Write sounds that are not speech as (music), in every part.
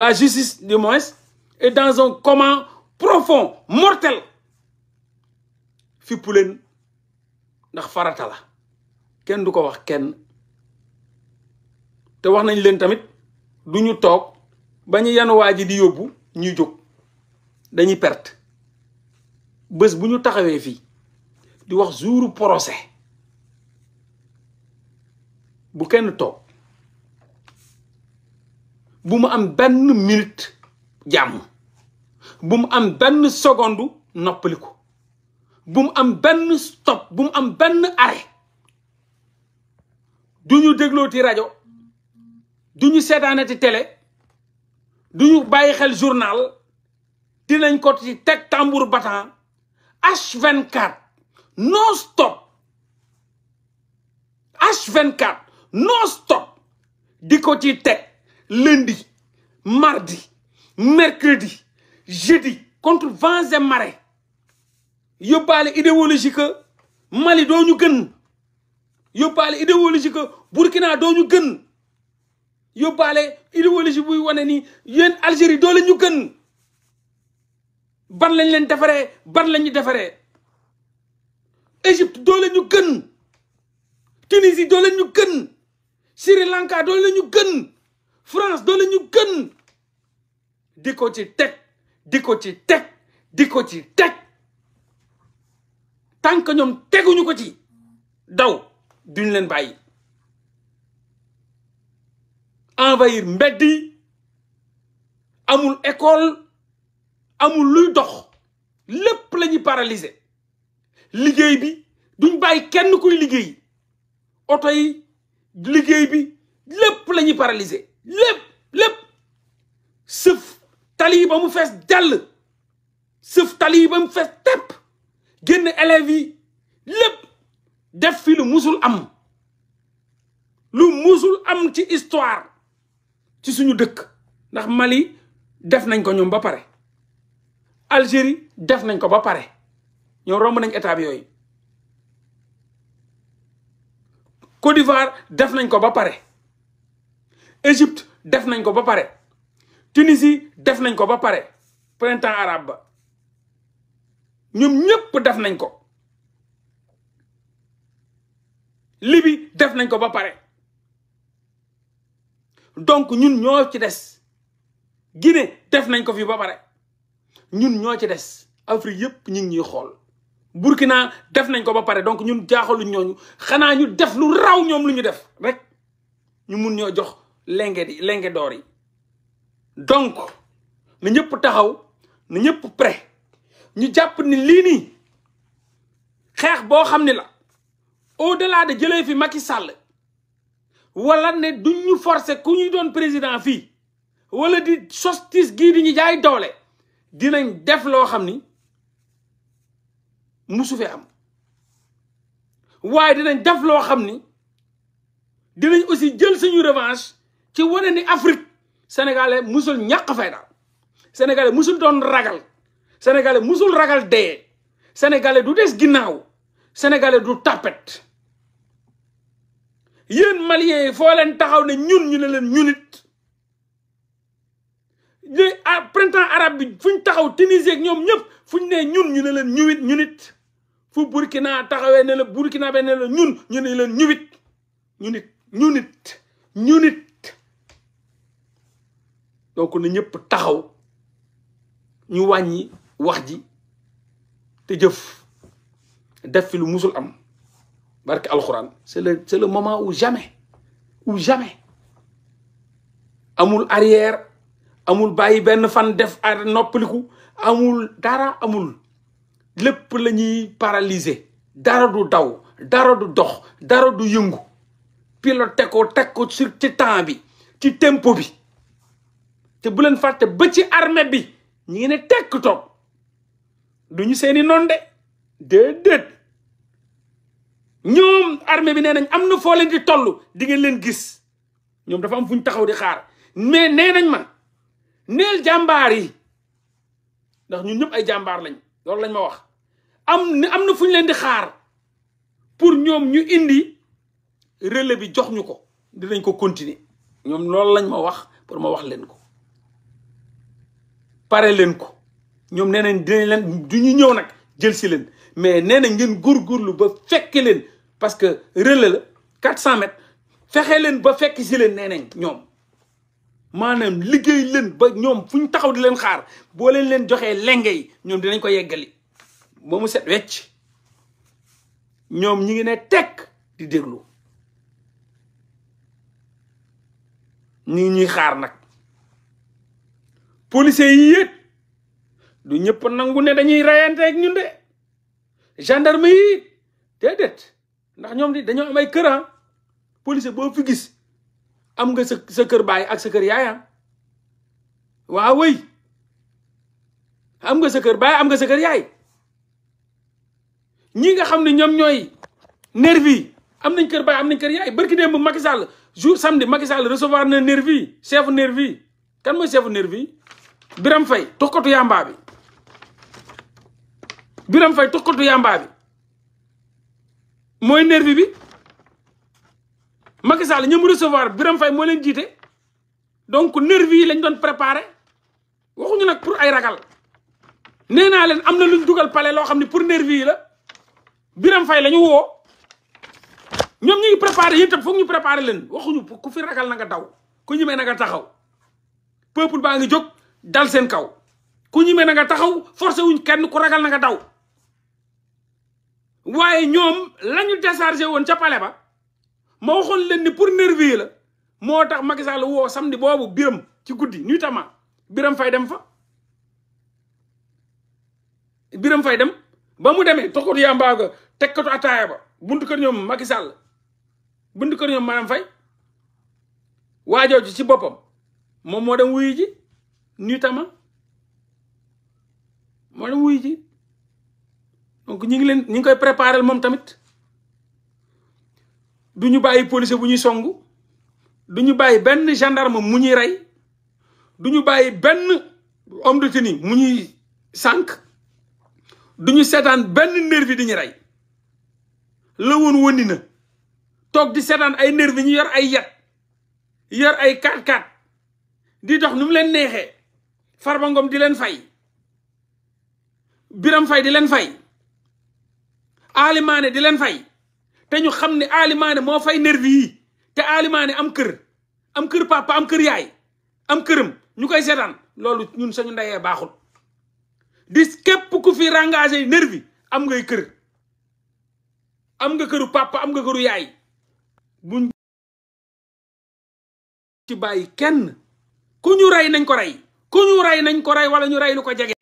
la justice du moins est dans un coma profond mortel fippu leen ndax farata la kenn du ko wax kenn te wax nañ leen tamit du ñu toog bañu ñu waa ji di yóbbu ñuy jóg dañuy perte bés bu ñu taxawee fii di wax jouru procès bu kenn toog bu mu am benn minute jàmm bu mu am benn seconde noppaliku bu mu am benn stop bu mu am benn arrêt du ñu déglooti rajo du ñu seetaanati télé du ñu bàyyi xel journal dinañ ko ci teg tambour battant H24 non stop H24 non stop di ko ci teg. lundi mardi mercredi jeudi contre vents et marées yóbbaale idéologie Mali doo ñu gën yóbbaale idéologie que Burkina doo ñu gën yóbbaale idéologie buy wane ni yéen Algérie doo la ñu gën ban lañ leen defaree ban la ñu defaree Égypte doo la ñu gën Tunisie doo la ñu gën Sri Lanka doo la ñu gën France doole ñu gën di ko ci teg di ko ci teg di ko ci teg tant que ñoom teguñu ko ci daw duñ leen bàyyi envahir mbedd yi amul école amul luy dox lépp lañuy ñuy liggéey bi duñ bàyyi kenn kuy liggéey oto yi liggéey bi lépp la ñuy paralyser lépp lépp sëf tali ba mu fees dell sëf tali ba mu fees tepp génn élèves yi lépp def fi lu musul am lu musul am ci histoire ci suñu dëkk ndax Mali def nañ ko ñoom ba pare Algérie def nañ ko ba pare ñoom romb nañ état bi yooyu Côte d'Ivoire def nañ ko ba pare Égypte def nañ ko ba pare Tunisie def nañ ko ba pare printemps arabe ba ñun ñëpp def nañ ko Libye def nañ ko ba pare donc ñun ñoo ci des Guinée def nañ ko fi ba pare ñun ñoo ci des Afrique yëpp ñu ngi ñuy xool Burkina def nañ ko ba pare donc ñun jaaxaluñ ñooñu xanaa ñu def lu raw ñoom lu ñu def rek ñu mun ñoo jox lenge di lenge door yi donc na ñëpp taxaw na ñëpp prêt ñu jàpp ni lii nii xeex boo xam ne la au delà de jëlee fi Macky sàll wala ne du ñu forcer ku ñuy doon président fii wala di sostis gii di ñu jaay doole dinañ def loo xam ni musu fee am waaye dinañ def loo xam ni dinañ aussi jël suñu revanche ci wane ni Afrique sénégalais musul ñàkk fayda sénégalais musul doon ragal sénégalais musul ragal dee sénégalais du des ginnaaw sénégalais du tapet yéen maliens yi foo taxaw ne ñun ñu ne leen ñunit ñuy ah, printemps arabe bi fu taxaw Tunisie ak ñoom ñëpp fu ñu nee ñun ñu ne leen ñuwit ñunit fu Burkina taxawee ne la Burkina be ne la ñun ñu ne leen ñuwit ñunit ñunit ñunit donc na ñëpp taxaw ñu wàññi wax ji te jëf def fi lu musul am barke alxuraan c'est le le moment où jamais où jamais amul arrière amul bàyyi benn fan def a noppaliku amul dara amul lépp la ñuy paralyser dara du daw dara du dox dara du yëngu pilot ko teg ko sur bi ci tempo bi te bu leen fàtte ba ci armée bi ñi ngi ne tekk toog du ñu seeni noon de déedéet ñoom armée bi nee nañ am na foo leen di toll di ngeen leen gis ñoom dafa am fu ñu taxaw di xaar mais nee nañ ma neel jàmbaar yi ndax ñun ñëpp ay jàmbaar lañ loolu lañ ma wax am am na fu ñu leen di xaar pour ñoom ñu indi relais bi jox ñu ko dinañ ko continuer ñoom loolu lañ ma wax pour ma wax leen ko pare leen ko ñoom nee nañ dinañ leen du ñu ñëw nag jël si leen mais nee na ngeen góorgóorlu ba fekke leen parce que relais la quatre cent mètres fexe leen ba fekk si leen nee nañ ñoom maanaam liggéey leen ba ñoom fu ñu taxaw di leen xaar boo leen leen joxee lenge yi ñoom dinañ ko yeggali ba mu set wecc ñoom ñi ngi ne tekk di déglu ñu ngi ñuy xaar nag policiers yi yéeg du ñëpp nangu ne dañuy rayante ak ñun de gendarme yi déedéet ndax ñoom di dañoo am ay kër ah policier boo fi gis am nga sa sa kër baay ak sa kër yaaya ah. waa am nga sa kër baay am nga sa kër yaay ñi nga xam ne ñoom ñooy nervi yi am nañ kër baay am nañ kër yaay barki démb Macky Sall jour samedi Macky Sall recevoir na nervi chef nervi kan ma chef nervi Biram Fay tuxkatu yàmbaa bi Biram Fay tuxkatu yàmbaa bi mooy nervi bi Macky Sall ñoom recevoir Biram Fay moo leen jiite donc nervi yi lañ doon préparé waxuñu nag pour ay ragal nee naa leen am na luñ dugal pale loo xam ne pour nervi yi la Biram Fay lañu woo ñoom ñu ngi yi yéen tam foog ñu préparé leen waxuñu ku fi ragal na nga daw ku ñemee na nga taxaw peuple baa ngi jóg. dal seen kaw ku ñime na nga taxaw forcé wuñ kenn ku ragal na nga daw waaye ñoom lañu déchargé woon ca pale ba ma waxoon leen ni pour nervi la moo tax Macky Sall woo samedi boobu biram ci guddi nuitamment biram fay dem fa biram fay dem ba mu demee toxkatu yàmbaa ga tekkatu ataaya ba buntu kër ñoom Macky Sall buntu kër ñoom maanaam fay waajooju ci boppam moom moo dem wuyu Nutama moo dem wuy ji donc ñu ngi leen ñu ngi koy préparer moom tamit du ñu bàyyi policier bu ñuy songu du ñu bàyyi benn gendarme mu ñuy rey du ñu bàyyi benn homme de tenue mu ñuy sànq du ñu seetaan benn nervi di ñu rey la woon wëndi na toog di seetaan ay nervi ñu yor ay yat yor ay kaat kaat di dox nu mu leen neexee Farba di leen fay Biram Fay di leen fay Alimaane di leen fay te ñu xam ne Alimaane moo fay nervi yi te Alimaane am kër am kër papa am kër yaay am këram ñu koy seetaan loolu ñun sañu ndeyee baaxul di képp ku fi rengagé nervi am ngay kër am nga këru papa am nga këru yaay buñ ci bàyyi kenn ku ñu rey nañ ko rey ku ñu rey nañ ko ray wala ñu ray lu ko jege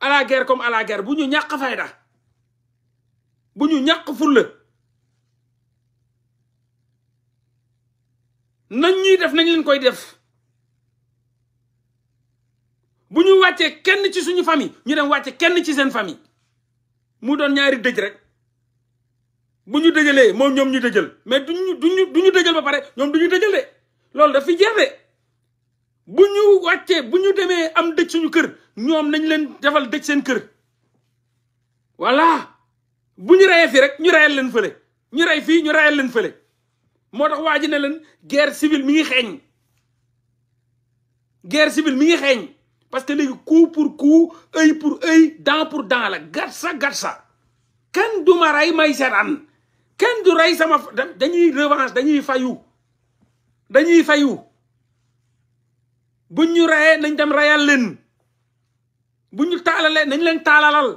à comme à la guerre bu ñu ñàkk fayda bu ñu ñàkk fulla nañ ñuy def nañ leen koy def bu ñu wàccee kenn ci suñu famille ñu dem wàcce kenn ci seen famille mu doon ñaari dëj rek bu ñu dëjalee moom ñoom ñu dëjal mais duñu duñu du ñu dëjal ba pare ñoom du ñu dëjal loolu daf fi bu ñu wàccee bu ñu demee am dëj suñu kër ñoom nañ leen defal dëj seen kër voilà bu ñu reyee fii rek ñu reyal leen fële ñu rey fii ñu reyal leen fële moo tax waa ji ne leen guerre civile mi ngi xeeñ ger civile mi ngi xeeñ parce que léegi coup pour coup œil pour œil dent pour dent la gatsa gatsa kenn du ma rey may seetaan kenn du rey sama dañuy revanche dañuy fayu dañuy fayu buñ ñu reyee nañ dem reyal leen bu ñu taalalee nañ leen taalalal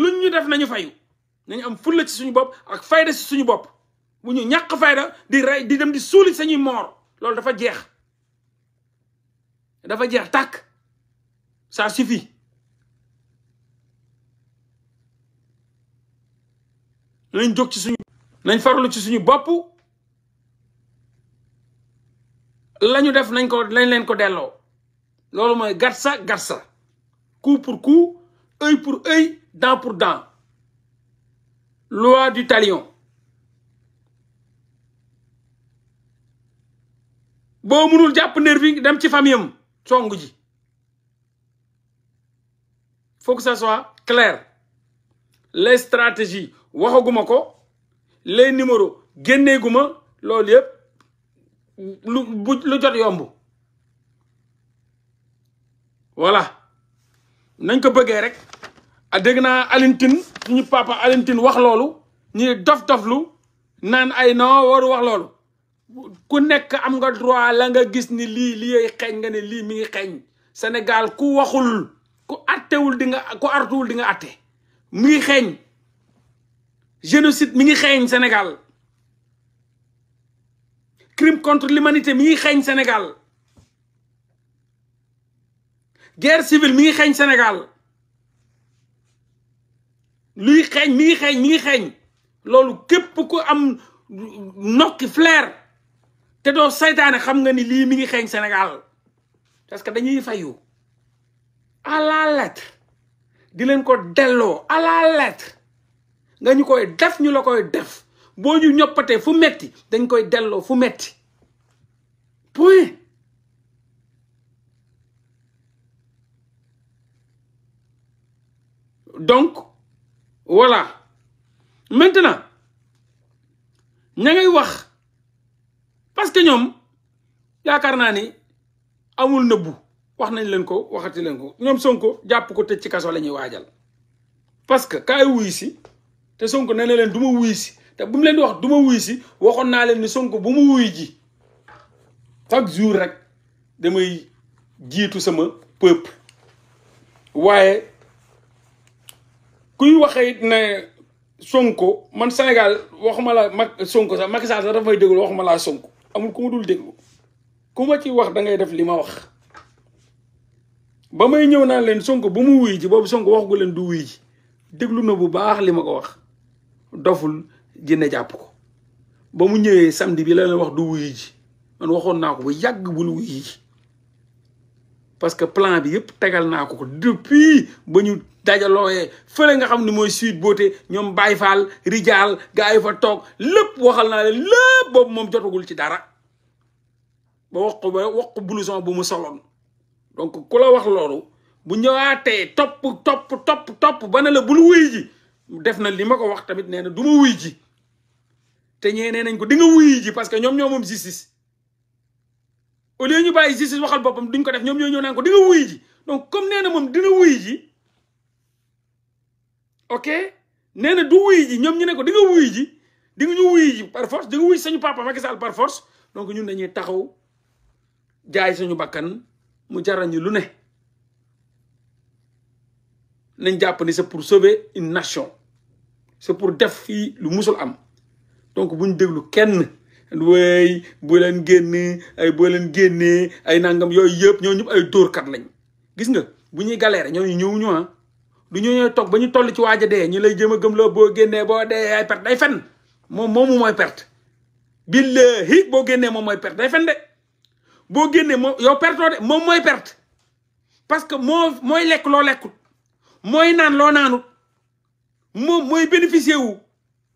luñ ñu def nañu fay nañ am fulla ci suñu bopp ak fayda ci suñu bopp bu ñu ñàkk fayda di rey di dem di suuli sañuy moor loolu dafa jeex dafa jeex tàkk ça suffit nañ jóg ci suñu nañ farlu ci suñu bopp lañu def nañ ko lañ leen ko delloo loolu mooy gatsa gatsa coup pour coup œil pour œil dent pour dent loi du talion boo mënul jàpp nervi dem ci famille am songu ji faut que ça soit clair les stratégie waxaguma ko les numéros génneeguma loolu yëpp lu bu lu jot yomb voilà nañ ko bëggee rek a ah, dégg naa Alintine ñu papa Alintine wax loolu ñu dof lu naan ay na waru wax loolu ku nekk am nga droit la nga gis ni lii lii xeeñ nga ne lii mi ngi xeeñ Sénégal ku waxul ku attewul di nga ku artuwul di nga atte mu ngi xeeñ génocide mi ngi xeeñ Sénégal crime contre l'humanité mi ngi xeeñ Sénégal guerre civile mi ngi xeeñ Sénégal luy xeeñ mi ngi xeeñ mi ngi xeeñ loolu képp ku am nokki flair te doo seytaane xam nga ni lii mi ngi xeeñ Sénégal parce que dañuy fayu à la lettre di leen ko delloo à la lettre nga ñu koy def ñu la koy def boo ñu ñoppatee fu metti dañ koy delloo fu metti point donc voilà maintenant ña ngay wax parce que ñoom yaakaar naa ni amul nëbbu wax nañ leen ko waxati leen ko ñoom Sonko jàpp ko tëj ci kaso la ñuy waajal parce que kaay wuy si te Sonko nee na leen du ma wuy si te bu mu leen di wax du ma wuy si waxoon naa leen ni Sonko bu mu wuy ji chaque jour rek damay jiitu sama peuple waaye kuy waxee it ne Sonko man senegal waxuma la mag Sonko sax Macky Sall sax dafa may déglu waxuma laa Sonko amul ku ma dul déglu ku ma ci wax da ngay def li ma wax ba may ñëw naa leen Sonko ba mu wuy ji boobu Sonko waxagu leen du wuy ji déglu na bu baax li ma ko wax doful jinne jàpp ko ba mu ñëwee samedi bi la leen wax du wuyu ji waxoon naa ko bu yàgg parce que plan bi yëpp tegal naa ko ko depuis ba ñu dajalooyee fële nga xam ni mooy Sweet Beauté ñoom Baye Fall Rijaal gaa yi fa toog lépp waxal naa leen lépp boobu moom jotagul ci dara ba wax ko ba wax ko blouson bu mu soloon donc ku la wax loolu bu ñëwaatee topp topp topp topp ba ne la bul wuy ji def na li ma ko wax tamit nee na du ma wuy ji te ñee nee nañ ko di nga wuyu ji parce que ñoom ñoo moom justice au lieu ñu bàyyi justice waxal boppam duñ ko def ñoom ñoo ñëw ko di nga wuyu ji comme nee na moom dina wuyu ji ok nee na du wuyu ji ñoom ñu ne ko di nga wuyu ji di nga ñu wuyu ji par force di nga sañu papa Macky Sall par force donc ñun dañuy taxaw jaay suñu bakkan mu jaral lu ne nañ jàpp ni c'est pour sauver une nation c'est pour def fii lu musul am. donc bu ñu déglu kenn wéy bu leen génne ay boo leen génnee ay nangam yooyu yëpp ñoo ñëpp ay dóorkat lañ gis nga bu ñuy galère ñooñu ñëwuñu ah du ñu ñooy toog ba ñu toll ci waaj a dee ñu lay jëm a gëm loo boo génnee boo dee ay perte day fen moom moomu mooy perte billahi boo génnee moom mooy perte day fen de boo génnee moom yow pertoo de moom mooy perte parce que moo mooy lekk loo lekkut mooy naan loo naanut moom mooy bénéficier wu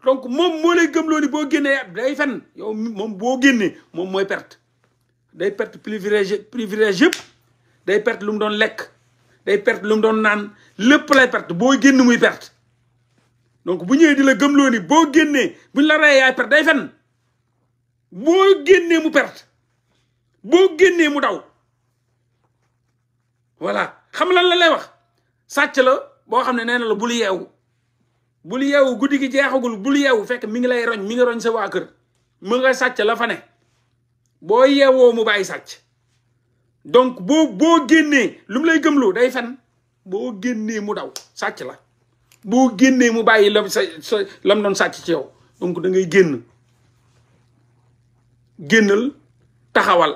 donc moom moo lay gëmloo boo génnee day fen moom boo génnee moom mooy perte day perte privilège privilège yëpp day perte lu mu doon lekk day perte lu mu doon naan lépp lay perte boo génn muy perte donc bu ñëwee di la gëmloo ni boo génnee buñ la reyee day fen boo génnee mu perte boo génnee mu daw voilà xam lan la lay wax sàcc la boo xam ne nee na la bul yeewu bul yeewu guddi gi jeexagul bul yeewu fekk mi ngi lay roñ mi ngi roñ sa waa kër mu nga sàcc la fa ne boo yeewoo mu bàyyi sàcc donc boo boo génnee lu mu lay gëmloo day fen boo génnee mu daw sàcc la boo génnee mu bàyyi lam sa sa lam doon sàcc ci yow donc da ngay génn génnal taxawal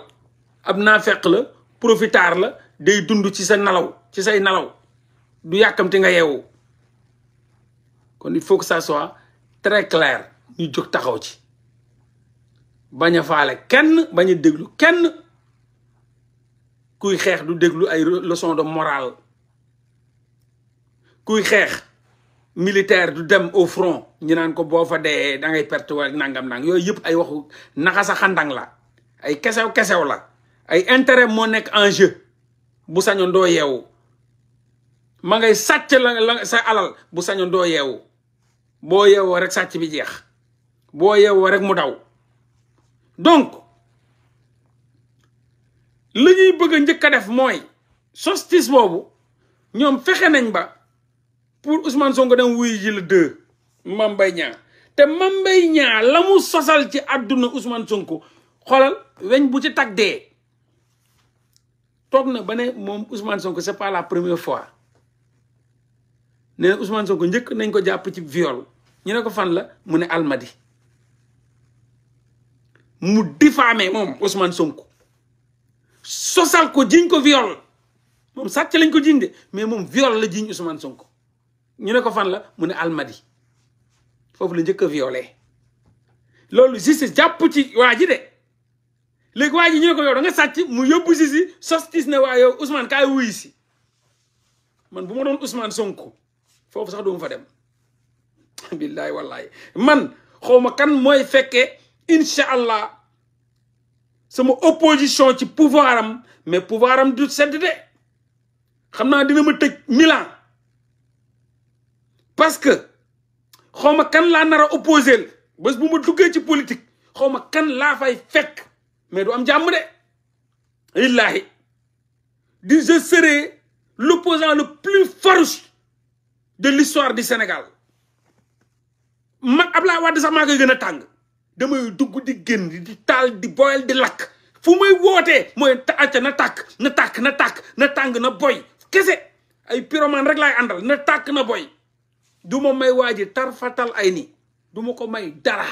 ab naa fekk la profitaar la day dund ci sa nalaw ci say nalaw du yàkkamti nga yeewoo kon il faut que ça soit très clair ñu jóg taxaw ci bañ a faale kenn bañ a déglu kenn kuy xeex du déglu ay leçon de morale kuy xeex militaire du dem au front ñu naan ko boo fa dee da ngay perte wala nangam nang yooyu yëpp ay waxu naxa sa xandang la ay kesew kesew la ay intérêt moo nekk en jeu bu sañoon ndoo yeewu ma ngay sàcc la sa alal bu sañoon doo yeewu boo yeewoo rek sàcc bi jeex boo yeewoo rek mu daw donc li ñuy bëgg a njëkk a def mooy sostis boobu ñoom fexe nañ ba pour Ousmane Sonko dem wuy ji la deux Mame Mbaye te Mame Mbaye Niang la mu sosal ci àdduna Ousmane Sonko xoolal weñ bu ci tag dee toog na ba ne moom Ousmane Sonko c'est pas la première fois ne Ousmane Sonko njëkk nañ ko jàpp ci viol ñu ne ko fan la mu ne almadi mu diffamé moom Ousmane Sonko sosal ko jiñ ko viol moom sàcc lañ ko jin de mais moom viol la jiñ Ousmane Sonko ñu ne ko fan la mune ne almadi foofu la njëkk a violé loolu justice jàpp ci waa ji de léegi waa ji ko yow da nga sàcc mu yóbbu si si sostis ne waa yow Ousmane kaay wuy si man bu ma doon Ousmane Sonko foofu sax du ma fa dem (laughs) billaay wallaay man xawma kan mooy fekkee incha allah sama opposition ci pouvoir am mais pouvoir am du sedd de xam naa dina ma tëj milan parce que xawma kan laa nar a opposé bés ma duggee ci politique xawma kan laa fay fekk mais du am jàmm de illaahi di je serai l'opposant le plus farouche de l'histoire du Sénégal man Ablaye Wade sax maa koy gën a tàng damay dugg di génn di taal di boyal di lakk fu may wootee mooy tak na tàkk na tàkk na tàkk na tàng na boy kese ay pyromane rek laay àndal na tàkk na boy du ma may waa ji tarfatal ay ni du ma ko may dara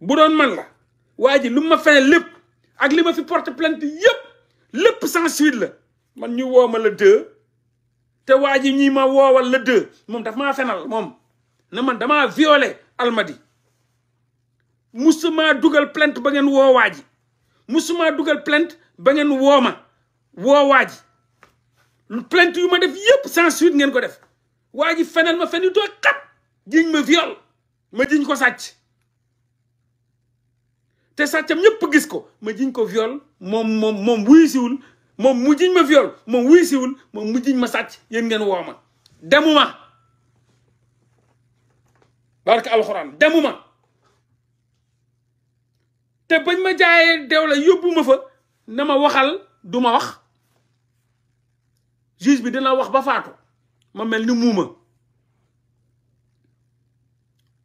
bu doon man la waa ji lu ma feneen lépp ak li ma fi port plainte yépp lépp sans suite la man ñu woo ma le te waa ji ñi ma woowal le deux moom daf maa fenal moom ne man dama viole almadi musuma dugal plainte ba ngeen woo waa ji musuma dugal plainte ba ngeen woo ma woo waa ji plainte yu ma def yëpp sans suite ngeen ko def waa ji feneen ma fen yu tooy jiñ ma viol ma jiñ ko sàcc te sàccam ñëpp gis ko ma jiñ ko viol moom moom moom wuyu moom mu jiñ ma viol moom wuyu moom mu jiñ ma sàcc yéen ngeen woo ma demuma barke alxuraan demuma te bañ ma jaayee deew la yóbbu fa na ma waxal du ma wax juge bi dina wax ba faatu ma mel ni muuma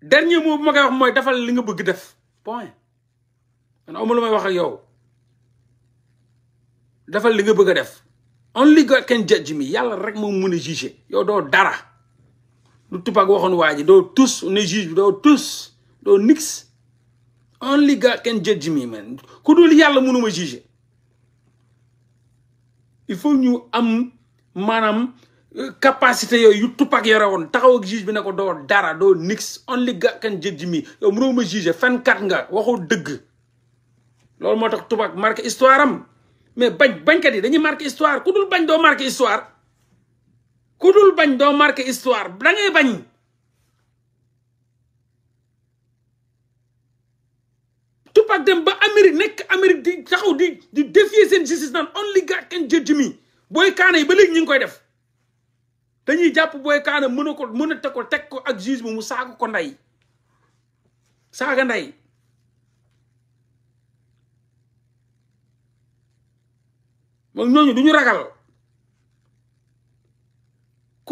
dernier mot bu ma koy wax mooy defal li nga bëgg def point man amul may wax yow defal li nga bëgg a def only God can judge me yàlla rek moo mun a juger yow doo dara lu Tupac waxoon waa ji doo tus ne juge bi doo tus doo nix only God can judge me man ku dul yàlla mënuma juger il faut ñu am maanaam euh, capacité yooyu yu Tupac yore woon taxaw ak juge bi ne ko doo dara doo nix only God can judge me yow mënoo ma juger fenkat nga waxoo dëgg loolu moo tax Tupac marqué histoire am mais bañ bañkat yi dañuy marqué histoire ku dul bañ doo marqué histoire ku dul bañ doo marqué histoire da ngay bañ Tupac dem ba Amérique nekk Amérique di taxaw di di défier seen justice naan only God can judge me booy kaana yi ba léegi ñu ngi koy def dañuy jàpp booy kaana mën a ko mën a teg ko teg ko ak juge mu saaga ko ndey saaga nday moom ñooñu du ñu ragal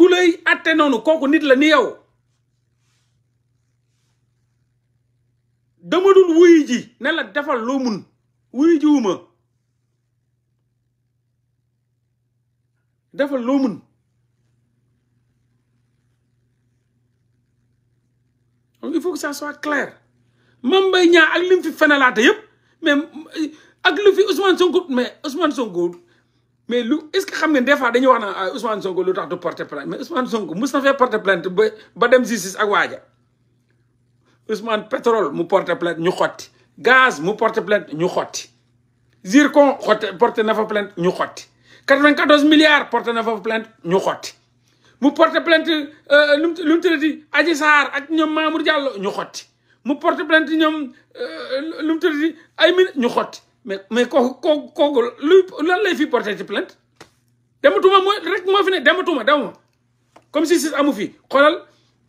ku lay atte noonu kooku nit la ni yow dama dul wuyu ji ne la defal loo mun wuyu ji wuma defal loo mun il faut que ça soit clair Mame Mbaye Niang ak li mu fi fenelaate yépp mais ak lu fi Ousmane Sonko mais Ousmane Sonko mais lu est-ce que xam ngeen des fois dañuy wax na ah, Ousmane Sonko lu tax du porter plainte mais Ousmane Sonko mus na fee porter plainte ba ba dem justice ak waaja Ousmane pétrole mu porter plainte ñu xotti gaz mu porter plainte ñu xotti zircon xotti porter na fa plainte ñu xotti 94 milliards porter na fa plainte ñu xotti mu porter plainte euh, lu lu mu tuddati Adji Sarr ak ñoom Mamour Diallo ñu xotti mu porter plainte ñoom euh, lu mu tuddati ay min ñu xotti mais mais kooku kooku kooku luy lan lay fi porté ci plainte dematuma mooy rek moo fi ne dematuma demuma comme si si amu fi xoolal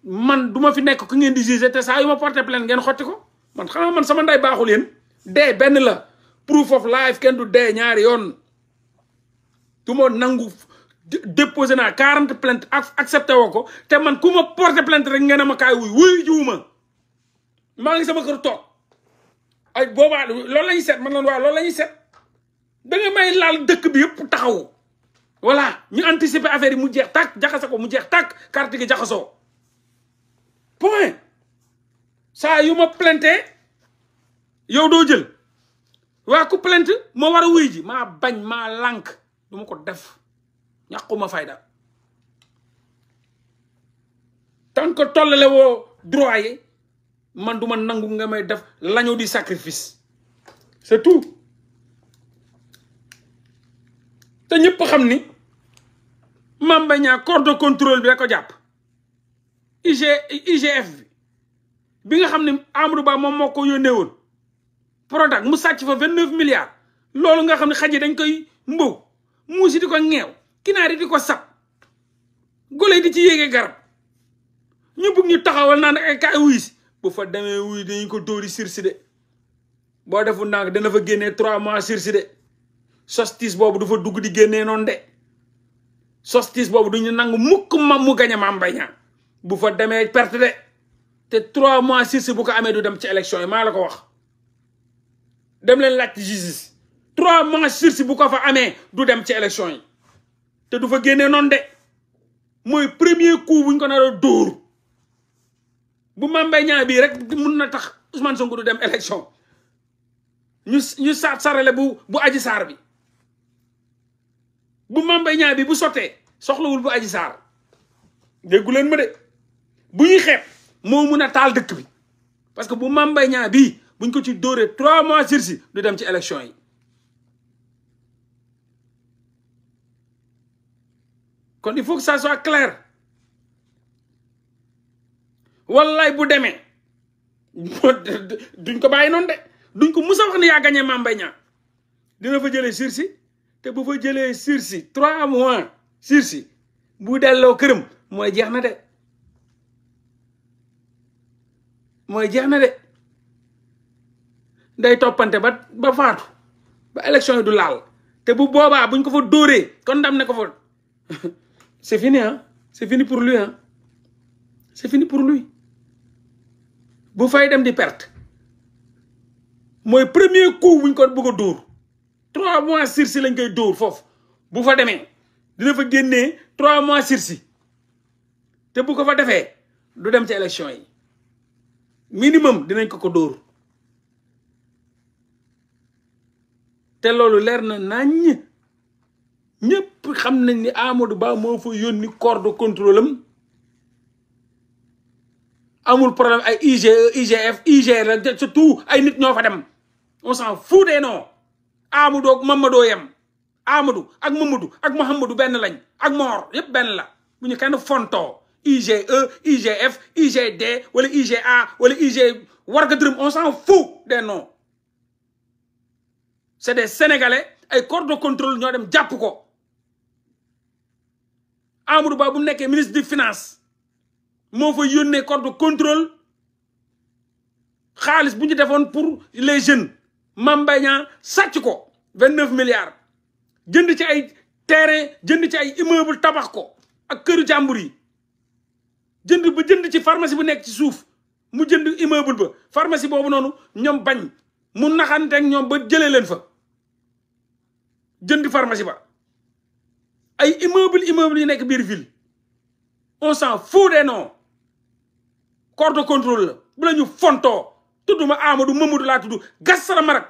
man du ma fi nekk ku ngeen di jugé te saa yu ma porté plainte ngeen xotti ko man xanaa man sama nday baaxul yéen dee benn la proof of life kenn du dee ñaari yoon du ma nangu déposé naa quarante plainte ak accepté woo ko te man ku ma porté plainte rek ngeen a ma kaay wuy wuy jiwuma maa ngi sama kër toog ay boobaa loolu la ñuy seet man la waaw set la da nga may laal dëkk bi yëpp taxaw voilà ñu anticiper affaire yi mu jeex takk jaxase ko mu jeex tàkk carte gi jaxasoo point saa yu ma plainte yow doo jël waa ku plainte ma war a wuy ji maa bañ maa lànk du ko def ñàquma fayda tant que tollale woo droit yi man du ma nangu nga may def l'agneau di sacrifice c'est tout te ñëpp xam ni Mame Mbaye Niang corps de contrôle bi da ko jàpp IG IGF bi bi nga xam ne Amadou Ba moom moo ko yónnee woon Prodac mu sàcc fa vingt neuf milliards loolu nga xam ne xaj yi dañ koy mbow muusi di ko ŋeew kinaari di ko sab gole di ci yéegee garab ñu bugg ñu taxawal naan ay kaay wuy bu fa demee wuy dañu ko dóori sursis de boo defu ndànk dana fa génnee trois mois sursis de justice boobu du fa dugg di génnee noon de justice boobu duñu nangu mukk mam mu gañe Mame Mbaye Niang bu fa demee perte de te trois mois sursis bu ko amee du dem ci élection yi maa la ko wax dem leen laaj justice trois mois sursis bu ko fa amee du dem ci élection yi te du fa génnee noonu de mooy premier coup buñ ko nar a bu Mame Mbaye Niang bii rek mun na tax Ousmane Sonko du dem élection ñu ñu saat sarale bu bu aji saar bi bu Mame Mbaye Niang bi bu sottee soxlawul bu aji saar déggu leen ma de bu ñuy xeeb moo mun a taal dëkk bi parce que bu Mame Mbaye Niang bii buñ ko ci dóoree trois mois sursis du dem ci élection yi kon il faut que ça soit clair wallaay bu demee (laughs) duñ ko bàyyi noon de duñ ko musa wax ne yaa gagné Mame Mbaye Niang dina fa jëlee sursis te bu fa jëlee sursis trois mois sursis bu delloo këram mooy jeex na de mooy jeex na de day toppante ba ba faatu ba élection yi du laal te bu boobaa buñ ko fa dóoree condamné ko fa (laughs) c'est fini ah c'est fini pour lui ah c'est fini pour lui bu fay dem di perte mooy premier coup buñ ko bëgg a dóor trois mois sursis lañ koy dóor foofu bu fa demee dina fa génnee trois mois sursis te bu ko fa defee du dem ci élection yi minimum dinañ ko ko dóor te loolu leer na naññ ñëpp xam nañ ni Amadou Ba moo fa yónni corps de contrôle am amul problème ay IGE IGF IGR surtout ay nit ñoo fa dem on s'en fout des noms Amadou ak Mamadou yem Amadou ak Mamadou ak Mouhamadou benn lañ ak Mor yëpp benn la bu ñu kenn fontoo IGE IGF IGD wala IGA wala IG warga dërëm on s'en fout des noms c'est des sénégalais ay corps de contrôle ñoo dem jàpp ko Amadou Ba bu mu nekkee ministre des finance moo fa yónnee corps de contrôle xaalis bu ñu defoon pour les jeunes Mame Mbaye sàcc ko vingt neuf milliards jënd ci ay terrain jënd ci ay immeuble tabax ko ak këru jàmbur yi jënd ba jënd ci pharmacie bu nekk ci suuf mu jënd immeuble ba pharmacie boobu noonu ñoom bañ mu naxante ak ñoom ba jëlee leen fa jënd pharmacie ba ay immeuble immeuble yi nekk biir ville on s'en noo corps de contrôle la bu la ñu fontoo tudduma Amadou Mamadou laa tudd gas sara marak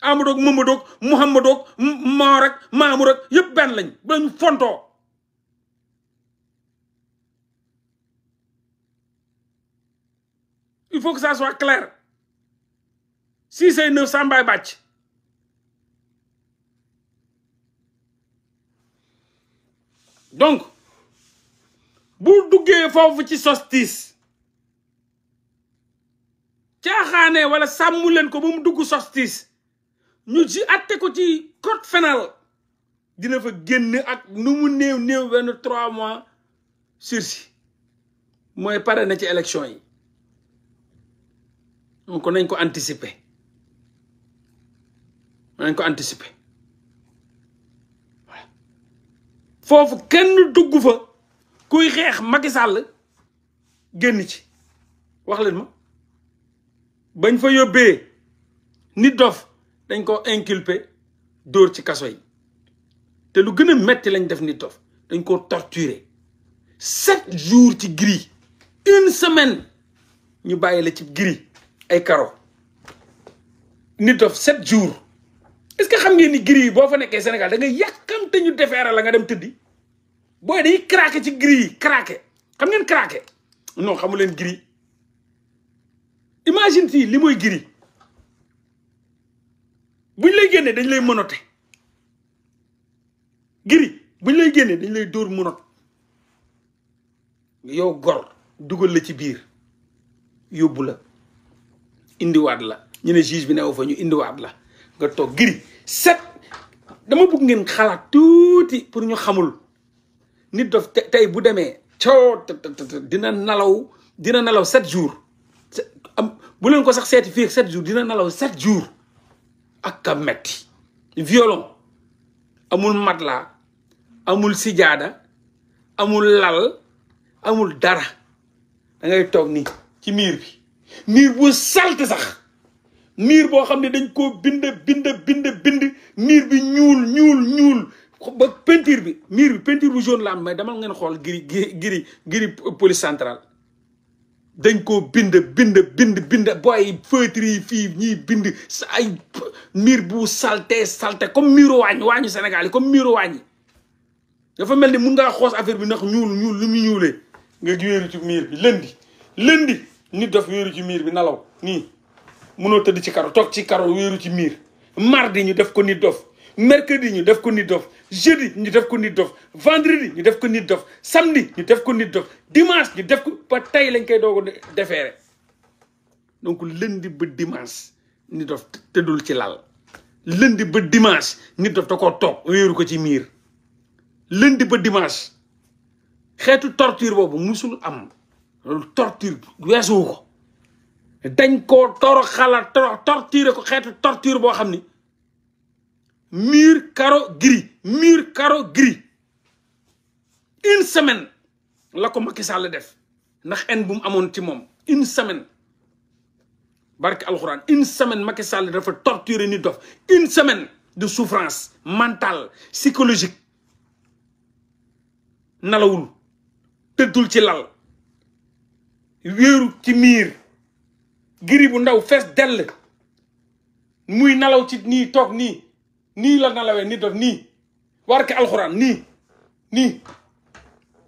Amadoog Mamadoog Muhammadoog Moor ak Maamur ak yëpp benn lañ bu la ñu fontoo il faut que ça soit clair si c'est neuf sàmbaay donc bu duggee foofu ci sos tiis caaxaane wala sàmmu leen ko ba mu dugg justice ñu si atte ko ci code pénal dina fa génn ak nu mu néew néew benn trois mois sursis mooy pare na ci élection yi donc nañ ko anticiper nañ ko anticiper voilà foofu kenn dugg fa kuy xeex Macky Sall génn ci wax leen ma bañ fa yóbbee nit dof dañ koo inculper dóor ci kaso yi te lu gën a metti lañ def nit dof dañ ko torturer sept jours ci gris une semaine ñu bàyyi la ci gris ay karo nit dof sept jours est que xam ngeen ni gris yi boo fa nekkee Sénégal da nga yàkkamte ñu defeera la nga dem tëddi booy day craqué ci gris yi craqué xam ngeen craqué non xamu leen gris imagine si li mooy giri buñ lay génnee dañ lay mënote giri buñ lay génnee dañ lay dóor mënot yow gor dugal la ci biir yóbbu la indiwaat la ñu ne bi newu fa ñu indiwaat la nga toog giri set dama bëgg ngeen xalaat tuuti pour ñu xamul nit dof tey bu demee te coow dina nalaw dina nalaw sept jours bu leen ko sax seeti fii ak sept dina nelaw sept jour ak ka metti violon amul matelas amul sijaada amul lal amul dara dangay toog nii ci miir bi miir bu salte sax miir boo xam ne dañ koo bind bind bind bind miir bi ñuul ñuul ñuul ba peinture bi miir bi peinture bu jaune la am mais dama ngeen xool giri giri giri police centrale dañ ko bind bind bind bind booy feutre yi fii ñii bind ay miir bu salte salté comme miiru waañ waañu Sénégal yi comme miiro waañ yi dafa mel ni mun ngaa xoos affaire bi ndax ñuul ñuul lu mu ñuulee nga wéeru ci miir bi lëndi lëndi nit daf wéeru ci miir bi nalaw nii munoo tëdd ci karo toog ci karo wéeru ci miir mardi ñu def ko nit dof mercredi ñu def ko nit dof jeudi ñu def ko nit dof vendredi ñu def ko nit dof samedi ñu def ko nit dof dimanche ñu def ko ba tey lañ koy doog a defeere donc lundi ba dimanche nit dof tëddul ci lal lundi ba dimanche nit dof da ko toog wéeru ko ci miir lundi ba dimanche xeetu torture boobu musul am loolu torture weesuwu ko dañ ko toro xalaat toro torture ko xeetu torture boo xam ni mur karo gris une semaine la ko Macky def ndax en bu amoon ci moom une semaine barke alxuraan une semaine Macky dafa torturer ni dof une semaine de souffrance mentale psychologique nalawul tëddul ci lal wéeru ci miir giri bu ndaw fees dell muy nalaw ci nii toog nii nii la nalawee nit dof nii war ke alxuraan nii nii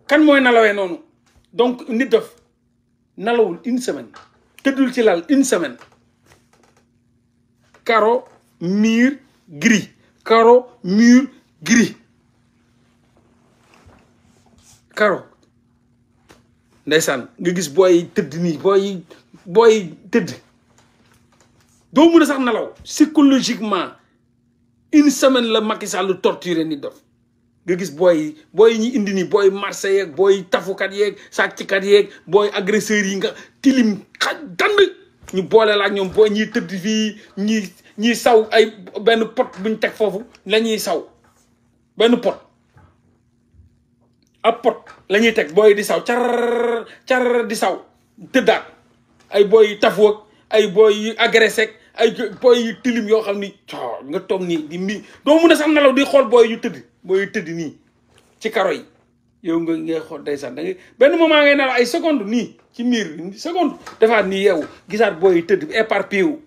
kan mooy nalawee noonu donc nit dof nalawul une semaine tëddul ci lal une semaine karo mur gris caro mur gris caro ndeysaan nga gis booy tëdd nii booy booy tëdd doo mun a sax nalaw psychologiquement une semaine la Macky Sall torturé nit dof nga gis booy booy ñi indi nii booy marché yeeg booy tafukat yeeg sàcckat yeeg booy agresseurs yi nga tilim xaj ñu boole la ak ñoom booy ñuy tëdd fii ñi ñiy saw ay benn pot buñ teg foofu la ñuy saw benn pot ab pot la teg booy di saw car car di saw tëddaat ay booy tafu ak ay booy agressé ak ay booy yu tilim yoo xam ni coo nga toog nii di mi doo mun a nelaw di xool booy yu tëdd booy yu tëdd nii ci karo yi yow nga ngay xool ndeysaan da ngay benn moment ngay nelaw ay seconde nii ci miir seconde defaat nii yow gisaat booy yu tëdd éparpillé wu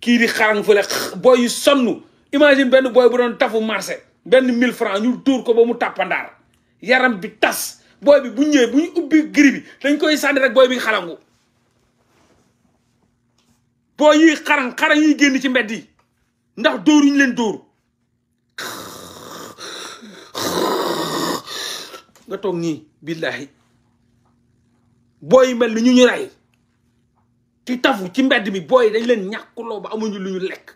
kii di xarang fële booy yu sonn imagine benn booy bu doon tafu marché benn mille francs ñu dóor ko ba mu tàppandaar yaram bi tas booy bi bu ñëwee bu ñu ubbi giri bi dañ koy sànni rek booy bi xalangu boo yuy xaran xaran yuy génn ci mbedd yi ndax dóoruñu leen dóor nga toog nii billahi booy mel ni ñu ñu rey di tafu ci mbedd mi booy dañ leen ñàkkuloo ba amuñu lu ñu lekk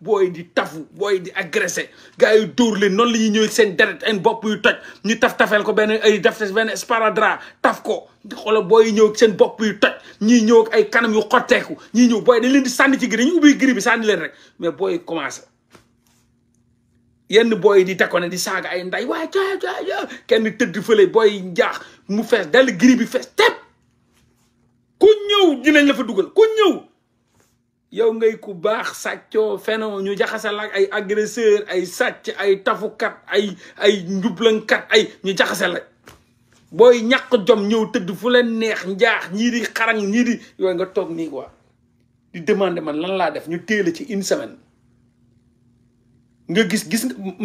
booy di tafu booy di agressé gars yi dóor leen noonu la ñuy ñëwee seen deret seen bopp yu toj ñu taf tafel ko benn ay def benn sparadrap taf ko xoola booy ñëw seen bopp yu toj ñii ñëw ay kanam yu xotteeku ñii ñëw booy dañ leen di sànni ci giri dañu ubbi giri bi sànni leen rek mais booy commencé yenn booy di takkoon di saaga ay nday waaye caa caa kenn tëdd fële booy njaax mu fees dal giri bi fees tepp ku ñëw dinañ la fa dugal ku ñëw yow ngay ku baax sàccoo fenoo ñu jaxasal ak ay agresseur ay sàcc ay tafukat ay ay njublankat ay ñu jaxasal la booy ñaq jom ñëw tëdd fu leen neex njaax ñii di xaran ñii di yooyu nga toog nii ko di demande man lan laa def ñu téele ci une semaine nga gis gis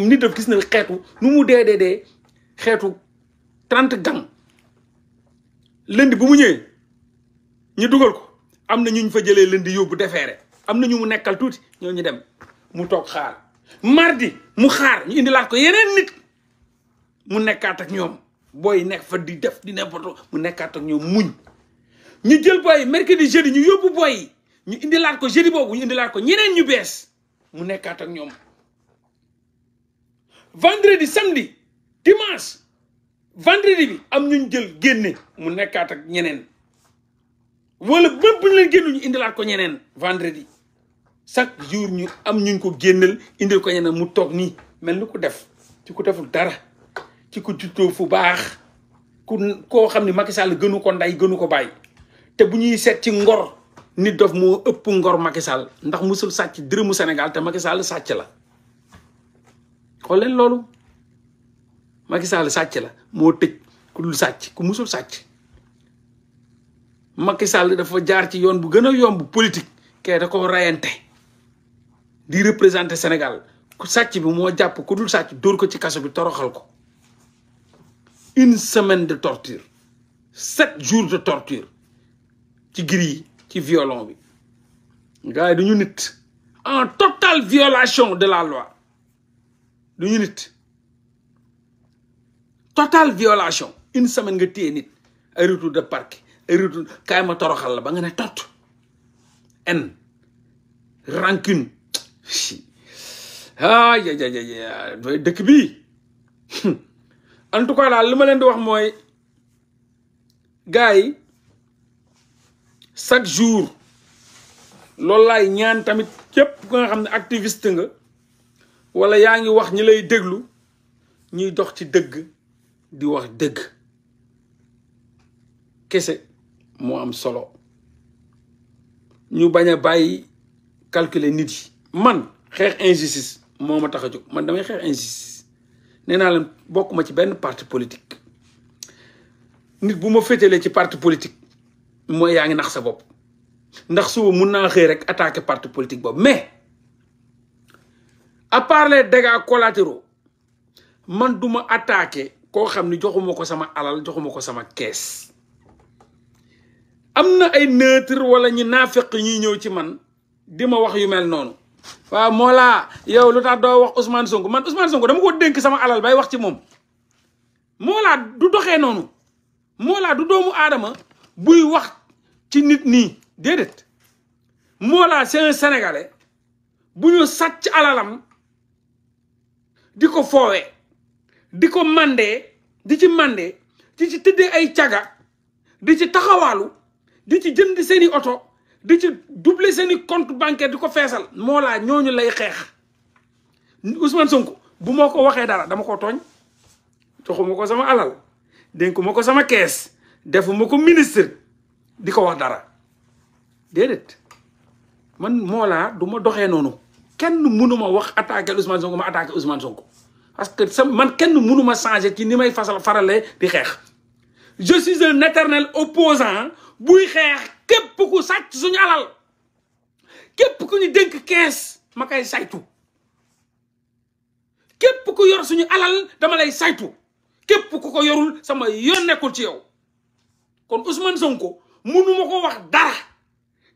nit daf gis na xeetu nu mu dee dee dee xeetu trente gang lënd bu mu ñëwee ñu dugal ko am na ñu ñu fa jëlee lënd yóbbu rek am na ñu mu nekkal tuuti ñoo ñu dem mu toog xaar mardi mu xaar ñu indi indilaat ko yeneen nit mu nekkaat ak ñoom booy nekk fa di def di n'importe mu nekkaat ak ñoom muñ ñu jël booy mercredi jeudi ñu yóbbu booy ñu indilaat ko jeudi boobu ñu indilaat ko ñeneen ñu bees mu nekkaat ak ñoom vendredi samedi dimanche vendredi bi am ñu jël génne mu nekkaat ak ñeneen wala même bu ñu leen génn ñu indilaat ko ñeneen vendredi chaque jour ñu am ñu ko génneel indil ko ñeneen mu toog nii mel ni ku def ci ku deful dara. ci ko juddoo fu baax ku koo xam ni Macky Sall gënu ko ndey gënu ko bàyyi te bu ñuy set ci ngor nit dof moo ëpp ngor Macky Sall ndax musul sàcc dërëmu senegal te Macky Sall sàcc la xool loolu Macky Sall sàcc la moo tëj ku sàcc ku musul sàcc Macky Sall dafa jaar ci yoon bu gën a yomb politique kee da ko rayante di représenter senegal ku sàcc bi moo jàpp ku dul sàcc dóor ko ci kaso bi toroxal ko une semaine de torture sept jours de torture ci gris ci violon bi gars yi duñu nit en totale violation de la loi duñu nit totale violation une semaine nga téye nit ay de parquet ay retour kaay ma toroxal la ba nga ne tot en rancune aay dooy dëkk bi (laughs) en tout cas daal li ma leen di wax mooy gars yi chaque jour loolu laay ñaan tamit képp ku nga xam ne activist nga walla yaa ngi wax ñi lay déglu ñuy dox ci dëgg di wax dëgg kese moo am solo ñu bañ a bàyyi calculer nit yi man xeex injustice moom ma tax a jóg man damay xeex injustice nee naa leen bokkuma ci benn parti politique nit bu ma féetalee ci parti politique mooy yaa ngi nax sa bopp ndax suba mun naa xëy rek attaquer parti politique boobu mais à part les dégâts man duma ma attaquer xam ni joxuma ko sama alal joxuma ko sama kees am na ay neutre wala ñu naafeq ñuy ñëw ci man di ma wax yu mel noonu waaw Mollah yow lu tax doo wax Ousmane Sonko man Ousmane Sonko dama ko dénk sama alal bay wax ci moom Mollah du doxe noonu Mollah du doomu aadama buy wax ci nit nii déedéet Mollah c'est un bu ñu sàcc alalam di ko foowee di ko mandee di ci mandee di ci tëddee ay caga di ci taxawaalu di ci jënd seeni oto di ci doubler seen i compte bancaire di ko feesal moo laa ñooñu lay xeex Ousmane Sonko bu moo ko waxee dara dama ko tooñ joxuma ko sama alal dénkuma ko sama kees defuma ko ministre di ko wax dara déedéet man moo laa du ma doxee noonu kenn munuma wax attaqué Ousmane Sonko ma attaqué Ousmane Sonko parce que sa man kenn mënuma changer ci ni may fasal faralee di xeex je suis un opposant buy xeex képp ku sàcc suñu alal képp ku ñu dénk kees ma koy saytu képp ku yor suñu alal dama lay saytu képp ku ko yorul sama yoon nekkul ci yow kon Ousmane Sonko mënuma ko wax dara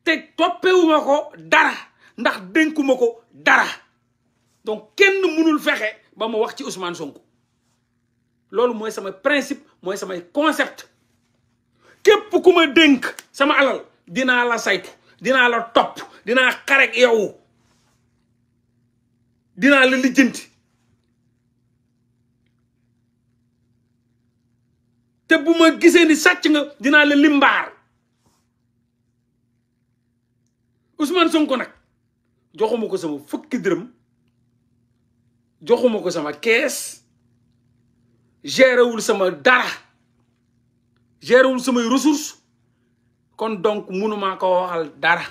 te toppewuma ko dara ndax dénkuma ko dara donc kenn mënul fexe ba ma wax ci Ousmane Sonko loolu mooy sama principe mooy samay concept képp ku ma dénk sama alal dinaa la saytu dinaa la topp dinaa xarek yow dinaa la lijjanti te bu ma gisee ni sàcc nga dinaa la limbaar Ousmane ko nag joxuma ko sama fukki dërëm joxuma ko sama kees gérewul sama dara gérewul samay ressource kon donc mënuma ko waxal dara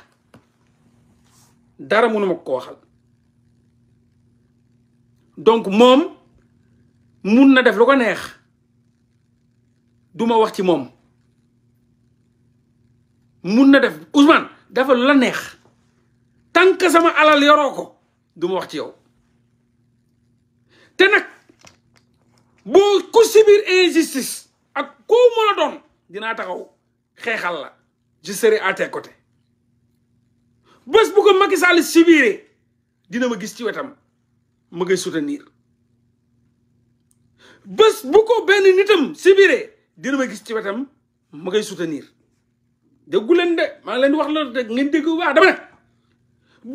dara mënuma ko waxal donc moom mun na def lu ko neex duma wax ci moom mun na def Ousmane dafa lu la neex tant que sama alal yoroo ko duma wax ci yow te nag boo ku subir injustice ku mën a doon dinaa taxaw xeexal la je serai à tes côtés bés bu ko Macky Sall sibiré dina ma gis ci wetam ma ngay soutenir bés bu ko benn nitam sibiré dina ma gis ci wetam ma ngay soutenir déggu leen de maa ngi leen di wax loolu rek ngeen dégg waa dama ne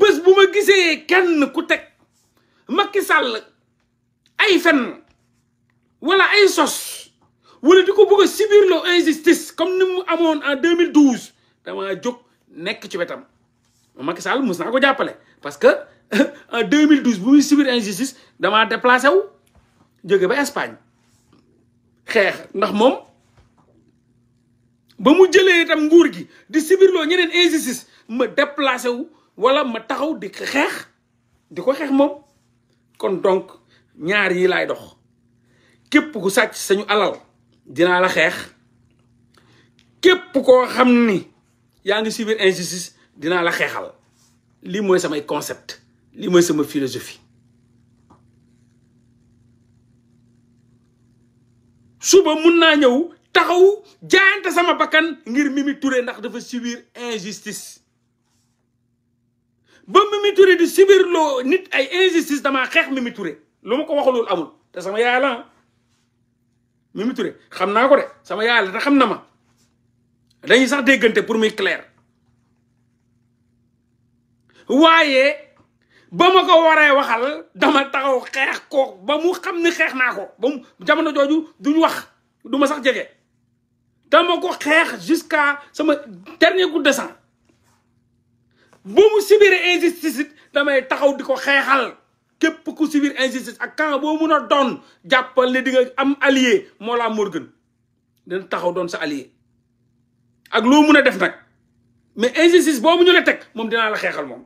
bés bu ma gisee kenn ku teg Macky Sall ay fen wala ay sos wala di ko bëgg a sibirloo injustice comme ni mu amoon en mille 2012 damaa jóg nekk ci wetam Macky Sall mos naa ko jàppale parce que (laughs) en 2012 bu muy subir injustice damaa déplacé wu jóge ba Espagne xeex ndax moom ba mu jëlee itam nguur gi di sibirloo ñeneen injustice ma déplacé wu wala ma taxaw di xeex di ko xeex moom kon donc ñaar yi laay dox képp ku sàcc sañu alal dinaa la xeex képp koo xam ni yaa ngi subir injustice dinaa la xeexal lii mooy samay concept lii mooy sama philosophie suba mun naa ñëw taxaw jaayante sama bakkan ngir Mimi Touré ndax dafa subir injustice ba Mimi Touré di subir loo nit ay injustice damaa xeex Mimi Touré lu ma ko waxalul amul te sama yaay la Mimi Touré xam naa ko de sama yaay la te xam na ma dañuy sax déggante pour muy clair waaye ba ma ko waree waxal dama taxaw xeex ko ba mu xam ni xeex naa ko ba mu jamono jooju duñ wax du ma sax jege dama ko xeex jusqu'à sama dernier coup de sang bu mu sibiree injustice damay taxaw di ko xeexal képp ku subir injustice ak camp boo mun a doon jàppal ne di nga am allié Mollah Morgun dina taxaw doon sa allié ak loo mun a def nag mais injustice boobu ñu la teg moom dinaa la xeexal moom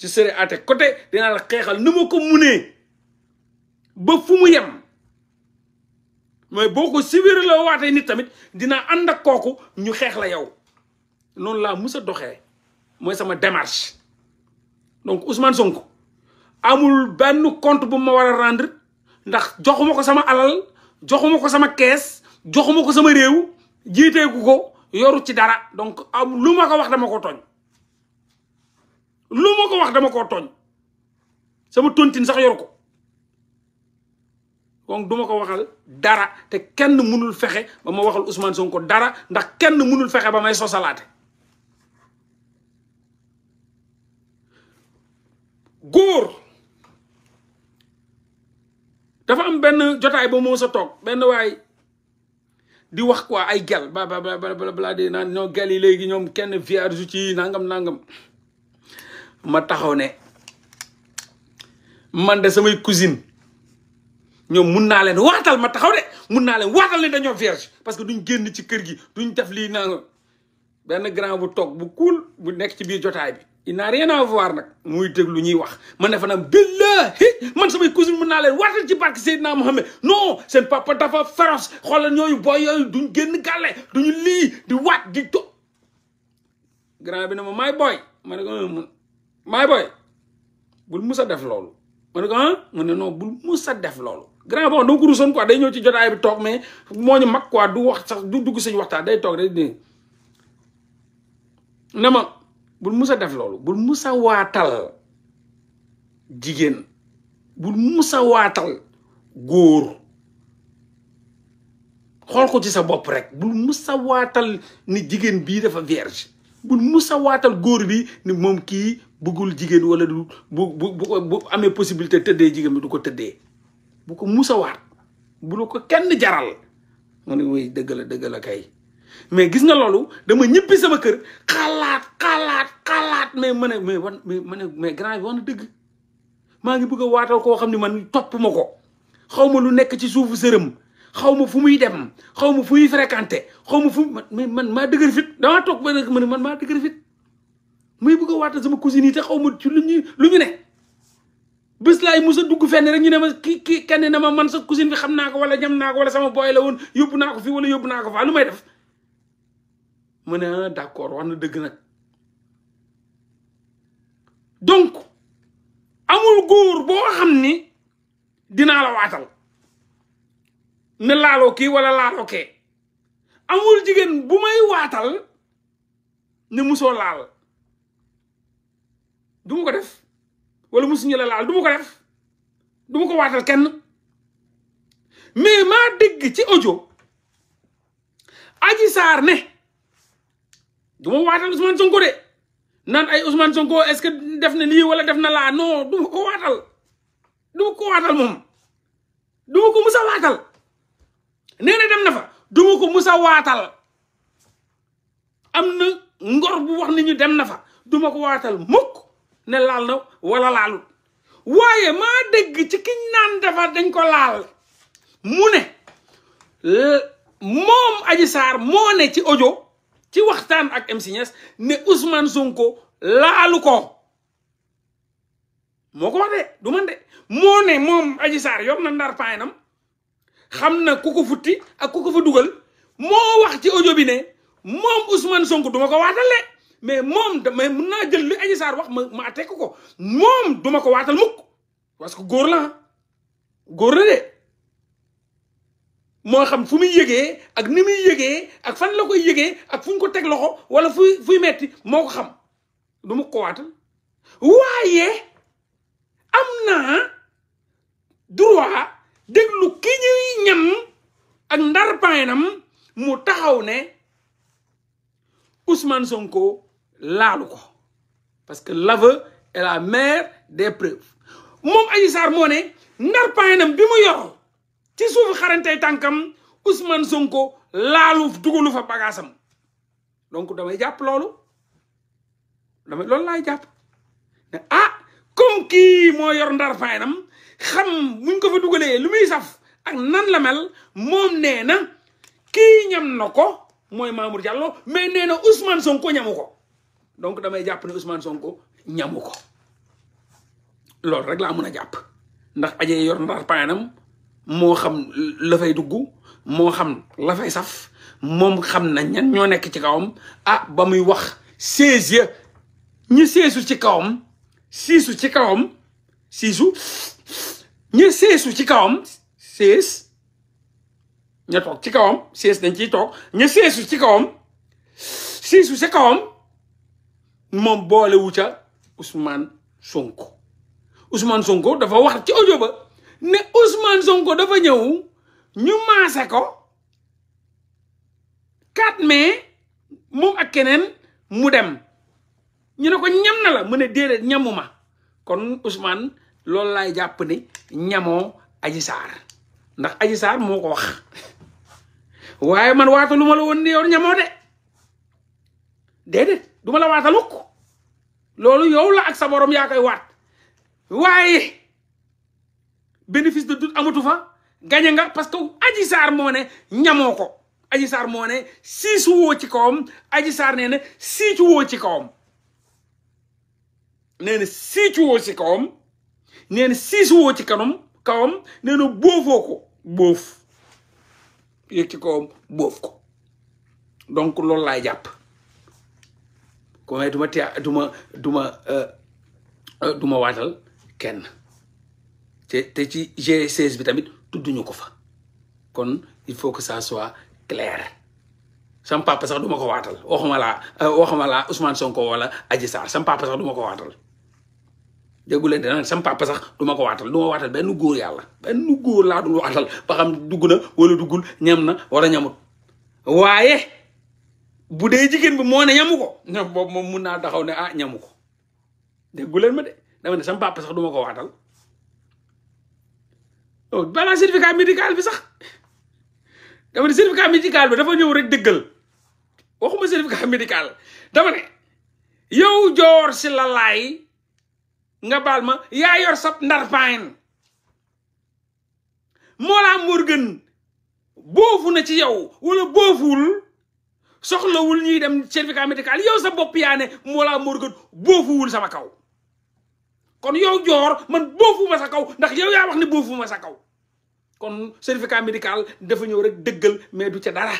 je serai à tes côtés dinaa la xeexal ni ma ko munee ba fu mu yem mais boo ko subir la waatee nit tamit dina ànd ak kooku ñu xeex la yow noonu laa mus doxee mooy sama démarche donc Ousmane Sonko amul benn compte bu ma war a rendre ndax joxuma ko sama alal joxuma ko sama kees joxuma ko sama réew jiiteeku ko yoru ci dara donc am lu ma ko wax dama ko tooñ lu ma ko wax dama ko tooñ sama tontin sax yoru ko donc duma ko waxal dara te kenn mënul fexe ba ma waxal Ousmane Sonko dara ndax kenn mënul fexe ba may sosalaate góor dafa am benn jotaay ba moo sa toog benn waay di wax quoi ay gel ba ba ba balaa dee naan ñoo gel yi léegi ñoom kenn vierge ci nangam nangam ma taxaw ne man de samay cousine ñoom mun naa leen waatal ma taxaw de mun naa leen waatal ne dañoo vierge parce que duñ génn ci kër gi duñ def lii nangam benn grand bu toog bu kuul bu nekk ci biir jotaay bi inaar yen rien voir nag muy dégg lu ñuy wax man dafa naan billahi man samay cousine mën naa leen waatal ci barke Seydina Mohamed non seen papa dafa féroce xoolal ñooyu booy yooyu duñ génn gàlle duñu lii di waat di to grand bi ne ma maay booy ma ne ko maay hmm, bul mus a def loolu ma ne ko hmm? mu ne non bul mus a def loolu grand bon dama ko rusoon quoi day ñëw ci jotaay bi toog mais moo ñu mag quoi du wax sax du dugg suñu waxtaan day toog day dé na ma bul musa def loolu bul musa waatal jigéen bul musa waatal góor xool ko ci sa bopp rek bul musa waatal ni jigéen bii dafa vierge bul musa waatal góor bi ni moom kii bëggul jigéen wala du bu bu bu amee possibilité tëddee jigéen bi du ko tëddee bu ko musa waat bu la ko kenn jaral mu ne woy dëgg la kay mais gis nga loolu dama ñibbi sama kër xalaat xalaat xalaat mais ma ne mais wan mais ma mais grand bi wax na dëgg maa ngi bëgg a waatal koo xam ne man topp ma ko xaw ma lu nekk ci suufu sërëm xaw ma fu muy dem xaw ma fu muy fréquenté xaw ma fu man man maa dëgër fit damaa toog ba ma ne man maa dëgër fit muy bëgg a sama cousine xaw ma ci lu lu ñu ne a dugg fenn rek ñu ne ma ki ki kenn ma man sa cousine bi xam naa ko wala ñam naa ko wala sama booy la woon yóbbu naa ko fi wala yóbbu naa ko faa lu may def mu ne ah d'accord wax na dëgg nag donc amul góor boo xam ni dinaa la waatal ne laaloo kii wala laaloo kee amul jigéen bu may waatal ne musoo laal du ko def wala musuñu la laal du ma ko def du ma ko waatal kenn mais maa dégg ci audio Adji Sarr ne du ma waatal Ousmane Sonko de nan ay Ousmane Sonko est-ce que def na lii wala def na laa non du ma ko waatal du ko waatal moom du ko musa waatal nee dem nafa fa ko musa waatal am na ngor bu wax dem na fa du ma ko waatal mukk ne laal na wala laalut waaye maa dégg ci kiñ naan dafa dañ ko laal mu ne euh, moom aji Sarr moo ci ojo ci waxtaan ak MC Niass ne Ousmane Sonko laalu ko moo ko wax de du man de moo ne moom Adji saar yoon na ndar paynam xam na ku ko futti ak ku ko fa dugal moo wax ci audio bi ne moom Ousmane Sonko duma ko waatale mais moom damay mën naa jël li Adji saar wax ma ma atte ko moom duma ko waatal mukk parce que góor la góor la de moo xam fu muy yëgee ak ni muy yëgee ak fan la koy yëgee ak fu ñu ko teg loxo wala fuy fuy metti moo ko xam du mu ko waatal waaye am naa droit déglu ki ñuy ñam ak ndarpaynam mu taxaw ne Ousmane Sonko laalu ko parce que l'aveu est la mère des preuves moom Adji Sarr moo ne ndarpaynam bi mu yoroo ci suufu xarantey tànkam usman Sonko laalu dugalu fa bagaasam donc damay jàpp loolu damay lool laay jàpp ne ah comme kii moo yor ndar faynam xam muñ ko fa dugalee lu may saf ak nan la mel moom nee na kii ñam na ko mooy Mamour Diallo mais nee na Ousmane Sonko ñamu ko donc damay jàpp ne Ousmane Sonko ñamu ko loolu rek laa mën a jàpp ndax aje yor ndar faynam moo xam la fay dugg moo xam lafay fay saf moom xam na ñan ñoo nekk ci kawam ah ba muy wax seize ya ñi seesu ci kawam siisu ci kawam siisu ñi seesu ci kawam sées ña toog ci kawam sées dañ ciy toog ña seesu ci kawam siisu ci kawam moom boole wu ca Ousmane Sonko Ousmane Sonko dafa wax ci audio ba ne Ousmane Sonko dafa ñëw ñu maase ko 4 mai moom ak keneen mu dem ñu ne ko ñam na mu ne déedéet ma kon Ousmane loolu laay jàpp ni ñamoo Adji Sarr ndax Adji Sarr moo ko wax waaye man waata lu ma la woon ni yow ñamoo de déedéet du ma la waataluk loolu yow la ak sa borom yaa koy waat waaye bénéfice de doute amatu fa gañe nga parce que aji saar moo ne ko aji saar moo ne ci kawam aji saar nee na siicu ci kawam nee na ci kawam nee na ci kanam kawam boof yëg ci kawam boof ko donc loolu laay jàpp ko may duma te duma duma euh, euh, duma waatal kenn te te ci G16 bi tamit tudduñu ko fa kon il faut que sa soit clair sam papa sax du ma ko waatal waxuma laa euh, waxuma laa Ousmane Sonko wala aji Sarr sam papa sax du ko waatal déggu leen dana sam papa sax du ma ko waatal du ma benn góor yàlla benn góor laa dul ba xam dugg na wala duggul ñam na wala ñamut waaye bu dee jigéen bi moo ne ñamu ko ñam moom mun naa taxaw ne ah ñamu ko déggu leen ma de dama ne sam papa sax du ma ko waatal Oh, balaa certificat médical bi sax dama ne médical bi dafa ñëw rek dëggal waxuma certificat médical dama ne yow joor si la nga baal ma yaa yor sab ndar paayin Mollah Morgun boofu na ci yow wala boofuwul soxlawul ñuy dem certificat médical yow sa bopp yaa ne Mollah Morgun boofuwul sama kaw kon yow joor man boofuma sa kaw ndax yow yaa wax ne boofuma sa kaw kon certificat médical dafa ñëw rek dëggal mais du ca dara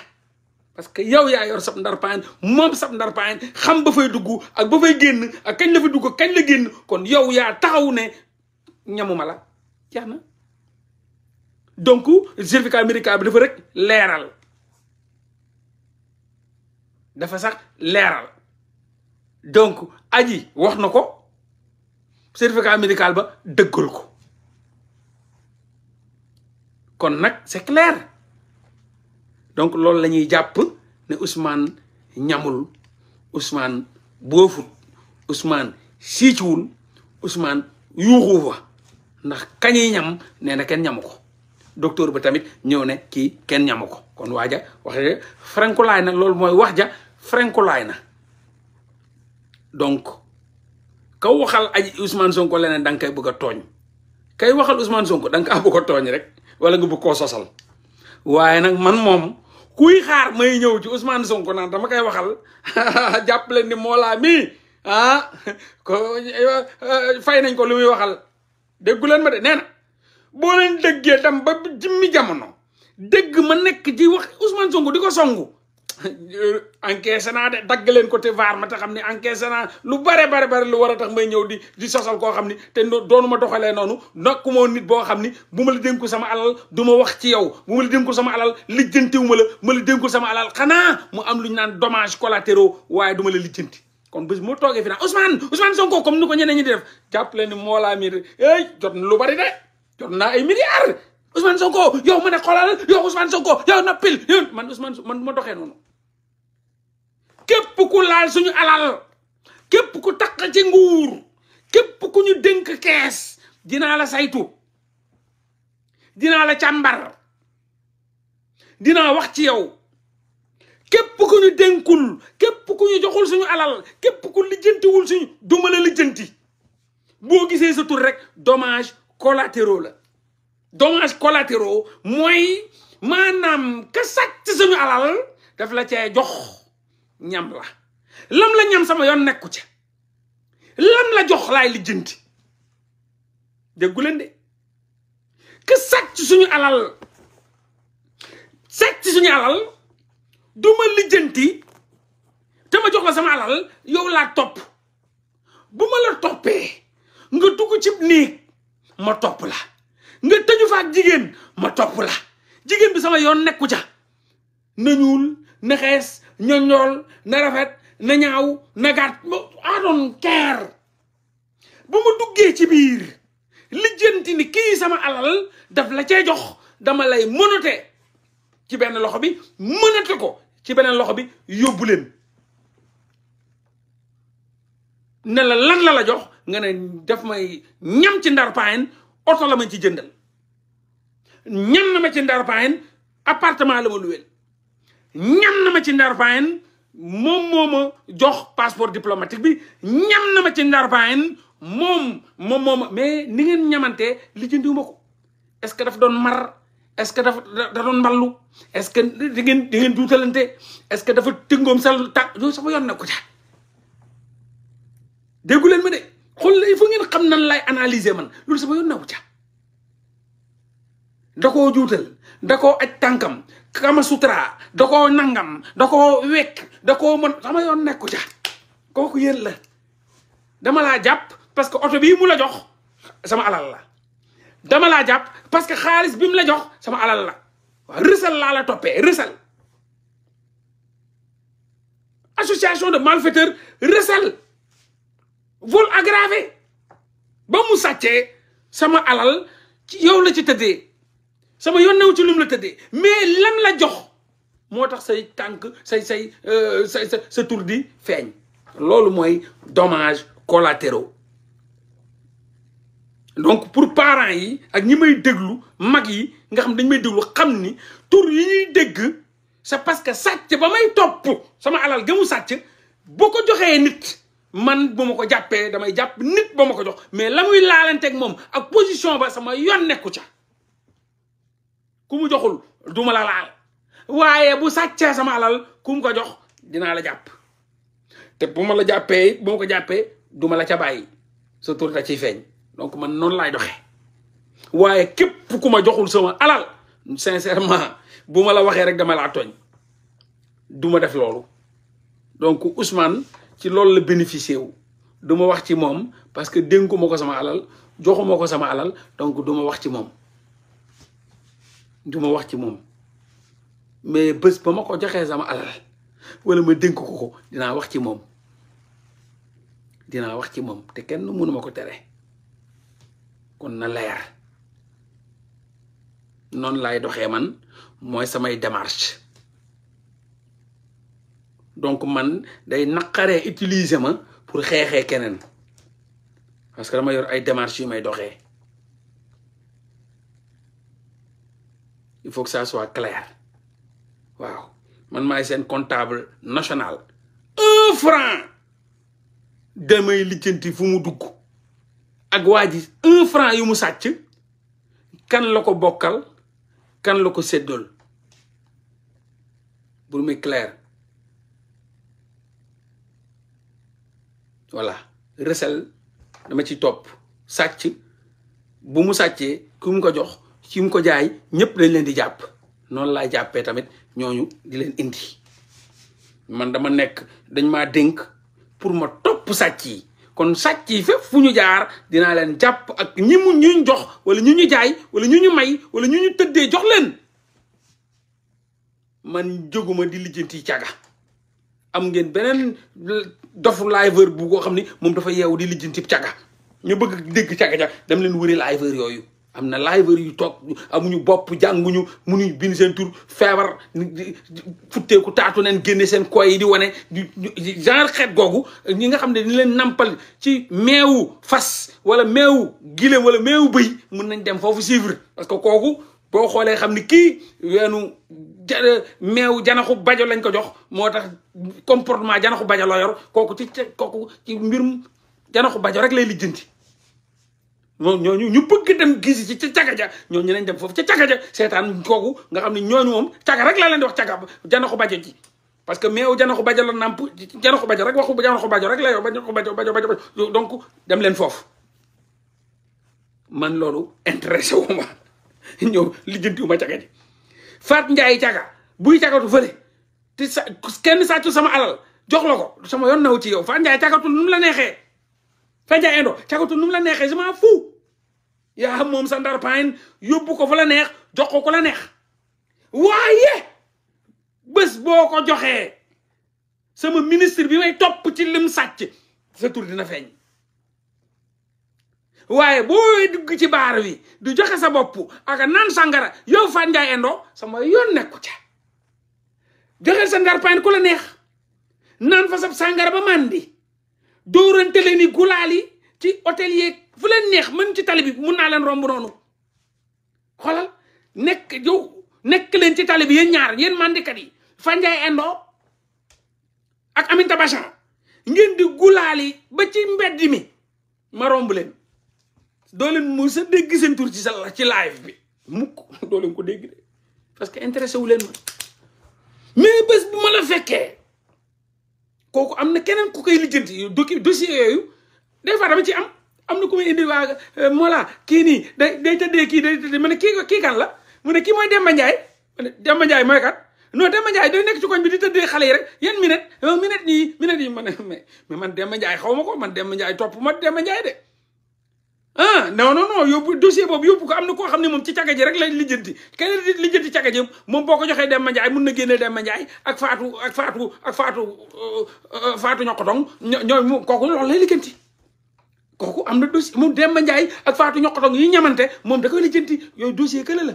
parce que yow yaa yor sab ndarpaan moom sab ndarpaan xam ba fay dugg ak ba fay génn ak kañ la fa dugg kañ la génn kon yow yaa taxaw ne ñamuma la jeex na donc certificat médical bi dafa rek leeral dafa sax leeral donc aji wax na ko certificat médical ba dëggal ko kon nag c'est clair donc loolu la ñuy jàpp ne Ousmane ñamul Ousmane boofut Ousmane siiciwul Ousmane yuuxu fa ndax kañi ñam nee na kenn ñamu ko docteur ba tamit ñëw ne kii kenn ñamu ko kon waaja wax frankulaay na loolu mooy wax ja frankulaay na donc kaw waxal aji Ousmane Sonko leneen da nga koy bëgg tooñ kay waxal Ousmane Sonko da nga kaa bëgg tooñ rek wala nga bëgg koo sosal waaye nag man moom kuy xaar may ñëw ci Ousmane Sonko naan dama koy waxal (laughs) jàpp leen ni Mollah mii ah ko eh, fay nañ ko lu muy waxal déggu leen ma de nee na boo leen déggee tam ba jimmi jamono dégg ma nekk ci wax Ousmane Sonko di ko songu Euh, encaissé naa de dagg leen côté vaar ma te xam ne encaissé naa lu bare bare bare lu war a tax may ñëw di di sosal koo xam ni te doonu ma doxalee noonu nokku moo nit boo xam ni bu ma la dénku sama alal du ma wax ci yow bu ma la sama alal lijjantiwu ma la ma la dénku sama alal xanaa mu am lu ñu naan domage collatéraux waaye du ma la lijjanti kon bés moo toogee fi naan Ousmane Ousmane Sonko comme ni ko ñeneen ñi di def jàpp leen ni moo laa miir eh, jot na lu bari de jot naa ay milliards Ousmane Sonko yow ne xoolal yow Ousmane Sonko yow noppil yow man man ma doxee noonu képp ku laal suñu alal képp ku takk ci nguur képp ku ñu dénk kees dinaa la saytu dinaa la càmbar dinaa wax ci yow képp ku ñu dénkul képp ku ñu joxul suñu alal képp ku lijjantiwul suñu duma la lijjanti boo gisee sa tur rek dommage collatéraux la dommage collatéraux mooy maanaam ka sàcc suñu alal daf la cee jox ñam la lam la ñam sama yoon nekku ca lam la jox laay lijjanti déggu leen de que suñu alal sàcc suñu alal du ma lijjanti te ma jox la sama alal yow laa topp bu ma la toppee nga dugg ci néeg ma topp la nga tëju fa ak jigéen ma topp la jigéen bi sama yoon nekku ca na ñuul na xees na ñool na rafet na ñaaw na gàtt I don't care ba ma duggee ci biir lijjanti ni kii sama alal daf la cee jox dama lay mënate ci benn loxo bi mënate ko ci beneen loxo bi yóbbuleen leen ne la lan la la jox nga ne daf may ñam ci ndar paayen oto ma ci jëndal ñam na ma ci ndar paayen appartement la ma luweel ñam na ma ci ndar bayen moom moo ma jox passeport diplomatique bi ñam na ma ci ndar bayen moom moom ma mais ni ngeen ñamantee li jëndiwuma ko est-ce que daf doon mar est-ce que dafa da doon mballu est-ce que di ngeen di ngeen est que dafa tëngoom sal tàg yooyu sama yon na ko ca déggu leen ma de xool la il ngeen xam nan lay analyser man loolu sama yoon na ko ca da koo juutal da koo aj tànkam kama sutra da koo nangam da koo wekk da sama yoon nekku ca kooku yéen la dama laa jàpp parce que oto bii mu la jox sama alal la dama laa jàpp parce que xaalis bi mu la jox sama alal la waaw laa la toppee rësal association de malfaiteurs rësal vol aggravé ba mu sàccee sama alal yow la ci tëddee sama yoon newu ci lum la tëddee mais lam la jox moo tax say tànk say say euh, say sa sa tur di feeñ loolu mooy dommages collatéraux donc pour parents yi ak ñi may déglu mag yi nga xam dañ may déglu xam ni tur yi ñuy dégg c'est parce que sàcc ba may topp sama alal gëmu sàcc boo ko joxee nit man bu ma ko jàppee damay jàpp nit ba ma ko jox mais la muy laalanteeg moom ak position ba sama yoon nekku ca ku mu joxul duma la laal waaye bu sàccee sama alal ku mu ko jox dinaa la jàpp te bu ma la jàppee bu ma ko jàppee duma la ca bàyyi sa tur da ciy feeñ donc man noonu laay doxee waaye képp ku ma joxul sama alal sincèrement bu ma la waxee rek dama laa tooñ duma def loolu donc Ousmane ci loolu la bénéficié wu du ma wax ci moom parce que dénkuma ko sama alal joxuma ko sama alal donc du ma wax ci moom du ma wax ci moom mais bés ba ma ko joxee sama alal wala ma dénk ko ko dinaa wax ci moom dina wax ci moom te kenn mënu ma ko tere kon na leer noonu laay doxee man mooy samay démarche donc man day naqaree utiliser ma pour xeexee keneen parce que dama yor ay démarches yu may doxee il faut que waaw man may seen comptable national un franc damay lijjanti fu mu dugg ak waa ji un franc yu mu sàcc kan la ko bokkal kan la ko séddool pour mu clair voilà recel dama ci topp sàcc bu mu sàccee ku mu ko jox ki mu ko jaay ñëpp dañ leen di jàpp noonu laa jàppee tamit ñooñu di leen indi man dama nekk dañ ma dénk pour ma topp sàcc yi kon sàcc yi fépp fu ñu jaar dinaa leen jàpp ak ñi ñu jox wala ñu ñu jaay wala ñu ñu may wala ñu ñu tëddee jox leen man jóguma di lijjanti caga am ngeen beneen dofu liveur bu koo xam ni moom dafa yeewu di lijjanti caga ñu bëgg dégg caga-caga dem leen wëri liveur yooyu am na liveur yu toog amuñu bopp jànguñu munuñ bind seen tur feebar futteeku taatu neen génne seen koy yi di wane genre xeet googu ñi nga xam ne ni leen nampal ci meewu fas wala meewu gileem wala meewu bëy mun nañ dem foofu suivre parce que kooku boo xoolee xam ni kii weenu euh, meewu janaxu bajo lañ ko jox moo tax comportement janaxu bajo loo kooku ci kooku ci mbirum janaxu bajo rek lay lijjanti moom ñooñu ñu bëgg dem gis ci ca caga ja ñooñu nañ dem foofu ca caga ja seetaan kooku nga xam ne ñooñu moom caga rek laa leen di wax caga janaxu bajo ji parce que meew janaxu bajo la nàmp janaxu bajo rek waxu janaxu bajo rek la yow janaxu bajo bajo bajo donc dem leen foofu man loolu intéressé wu ma ñëw lijjantiwu ma caga ji Faat Njaay caga buy cagatu fële te sa kenn sàccu sama alal jox la ko sama yoon naw ci yow Faat Njaay cagatul nu mu la neexee Fenja Endo cagatu nu mu la neexee je m'en fous yaa moom sa ndar pain yóbbu ko fa la neex jox ko ku la neex waaye bés boo ko joxee sama ministre bi may topp ci lim sàcc sa tur dina feeñ waaye boo dugg ci baar wi du joxe sa bopp ak nan sàngara yow Fenja Endo sama yoon nekku ca joxe sa ndar pain ku la neex naan fa sa sàngara ba màndi dóorante leen ni gulaal ci hôtel yeeg fu leen neex man ci tali bi mun naa leen romb noonu xoolal nekk yow nekk leen ci tali bi yéen ñaar yéen mandikat yi Fandiaye Endo ak Aminata Bachchan ngeen di gulaal yi ba ci mbedd mi ma romb leen doo leen mu sa dégg seen tur ci sa ci live bi mukk doo leen ko dégg de parce que intéressé wu leen ma mais bés bu ma la fekkee kooku am na keneen ku koy lijjanti doki dossier yooyu des fois dama ci am am na ku may indi waa euh, kii nii day day tëddee kii day tëddee ma ne kii kii kan la mu ne kii mooy Demba Ndiaye ma ne Demba Ndiaye mooy kan non Demba Ndiaye day nekk ci koñ bi di dee xale yi rek yan minute minute yi minute yi ma ne mais man Demba Ndiaye xaw ma ko man Demba Ndiaye topp ma Demba Ndiaye de ah non non non yóbbu dossier boobu yóbbu ko am na koo xam ne moom ci càgga ji rek lay lijjanti keneen di lijjanti càgga ji moom boo ko joxee Demba Ndiaye mun na génne Demba Ndiaye ak Fatou ak Fatou ak Fatou euh, euh, Fatou Ñokkotong ñooy moom kooku loolu lay lijjanti kooku am na dossier moom Demba Ndiaye ak Fatou Ñokkotong yi ñamante moom da koy lijjanti yooyu dossier kële la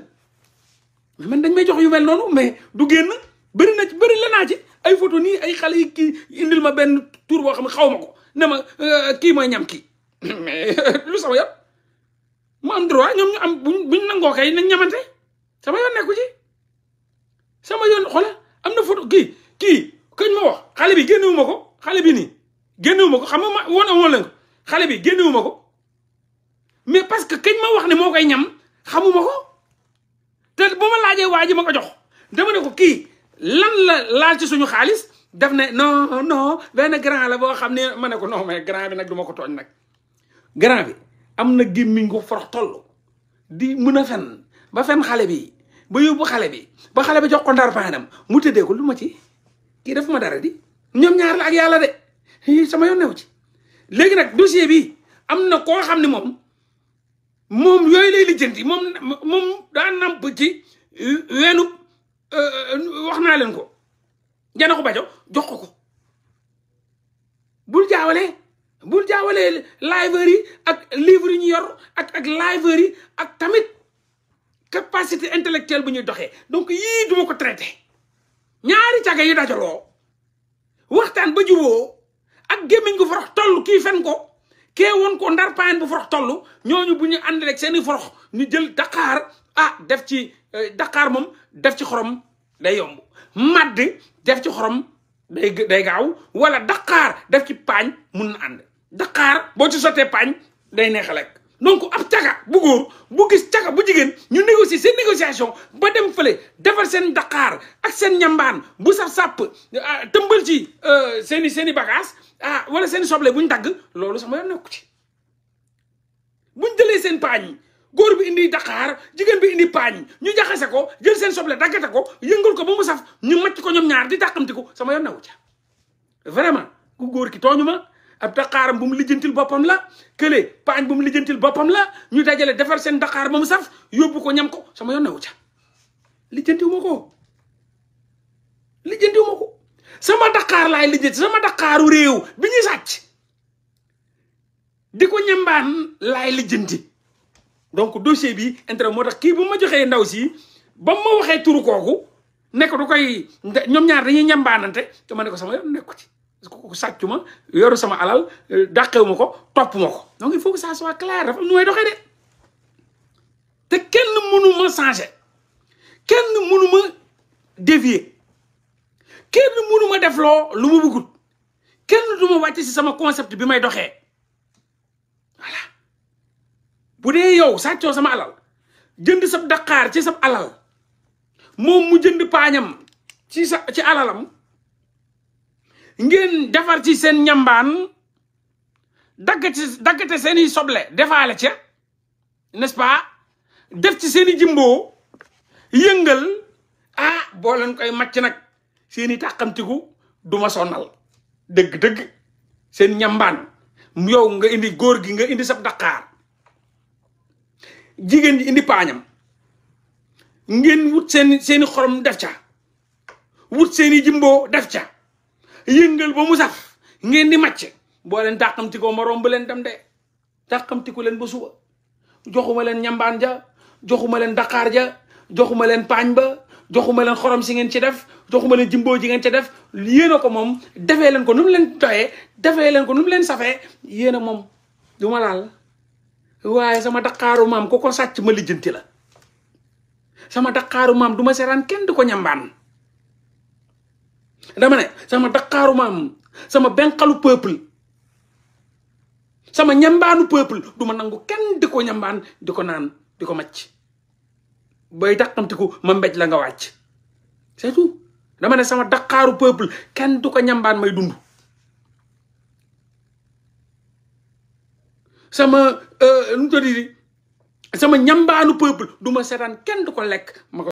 man dañ may jox yu mel noonu mais du génn bëri na ci bëri la naa ay photo nii ay xale yi kii indil ma benn tur boo xam ne xaw ma ko ne ma euh, kii mooy ñam kii (coughs) mais euh, lu sama yoon mu am droit ñoom ñu am buñ buñ nangoo kay nañ ñamante sama yoon nekku ci sama yoon xoola am na photo kii kii këñ ma wax xale bi génnewuma ko xale bi nii génnewuma ko xam nga ma woon woon xale bi génnewuma ko mais parce que këñ ma wax ne moo koy ñam xamuma ko te boo ma laajee waa ji ma ko jox dama ne ko kii lan la laal ci suñu xaalis def ne non non benn grand la boo xam ne ma ne ko non mais grand bi nag du ma ko tooñ nag grand bi am na gémmiñ ko forox toll di mën a fen ba fen xale bi ba yóbbu xale bi ba xale bi jox ko ndar paanam mu tëddee ko lu ma ci kii def ma dara di ñoom ñaar la ak yàlla de sama yoon newu ci léegi nag dossier bi am na koo xam ne moom moom yooyu lay lijjanti moom moom daa namp ci euh, weenu euh, wax naa leen ko jana ko bajo jox ko ko bul jaawalee bul jaawalee librairie yi ak livre yi ñu yor ak ak librairie yi ak tamit capacité intellectuelle bu ñuy doxee donc yii doo ko traité ñaari caga yi dajaloo waxtaan ba juboo ak gémmiñ gu forox toll kii fen ko kee won ko ndar paan bu forox toll ñooñu bu ñuy ànd rek seeni forox ñu jël daqaar ah def ci euh, Dakar moom def ci xorom day yomb madd def ci xorom day day gaaw wala Dakar def ci paañ mun na ànd Dakar boo ci sottee paañ day neex a lekk donc ab caga bu góor bu gis caga bu jigéen ñu négocier seen négociation ba dem fële defar seen Dakar ak seen ñambaan bu saf sàpp ah, tëmbal ci euh, seen i seen i bagage ah wala seen soble bu ñu dagg loolu sama yoon nekku ci bu ñu jëlee seen paañ yi góor bi indi Dakar jigéen bi indi paañ ñu jaxase ko jël seen soble daggate ko yëngal ko ba mu saf ñu macc ko ñoom ñaar di dàqamti ko sama yoon newu ca vraiment ku góor ki tooñu ma ab daqaaram bu mu lijjantil boppam la kële paañ bu mu lijjantil boppam la ñu dajale defar seen daqaar ba mu saf yóbbu ko ñam ko sama yoon newu ca lijjantiwu ma ko lijjantiwu ma ko sama dakaar lay lijjanti sama daqaaru réew bi sàcc di ko ñambaan laay lijjanti donc dossier bi intérêt moo tax kii bu ma joxee ndaw si ba ma waxee turu kooku nekk du koy ñoom ñaar dañuy ñambaanante te ma ne ko sama yoon nekku ci sàccu ma yoru sama alal dàqewu ma ko topp ma ko donc il faut que ça dafa am nu may de te kenn mënu ma kel kenn mënu ma dévier kenn mënu ma def loo lu ma bëggut kenn du ma wàcc si sama concept bi may doxee voilà bu dee yow sàccoo sama alal jënd sab daqaar ci sab alal moom mu jënd paañam ci sa ci alalam ngeen defar ci seen ñambaan dagg ci seeni soble defaale ca n'est-ce def ci seeni jimboo yëngal ah boo koy màcc nag seeni tàqamtiku du ma sonal dëgg-dëgg seen ñambaan yow nga indi góor gi nga indi sab daqaar jigéen ji indi paañam ngeen wut seen seeni xorom def ca wut seeni jimboo def ca yëngal boo mu saf ngeen di màcc boo leen tàqamti ko moroom bu leen dem de tàqamti ko leen ba suba joxuma leen ñambaan ja joxuma leen daqaar ja joxuma leen paañ ba joxuma leen xorom si ngeen ci def joxuma leen jimboo ji ngeen ci def yéen ko moom defee leen ko num leen doyee defee leen ko nu leen safee yéen a moom du ma laal waaye sama daqaaru maam ko ko sàcc ma lijjanti la sama daqaaru maam du ma seraan kenn di ko ñambaan dama ne sama daqaaru maam sama benqalu peuple sama ñambaanu peuple du ma nangu kenn di ko ñambaan di ko naan di ko macc bay dàqamtiku ma mbéj la nga wàcc c'est tout dama ne sama daqaaru peuple kenn du ko ñambaan may dund sama euh, nu mu sama ñambaanu peuple duma ma kenn du ko lekk ma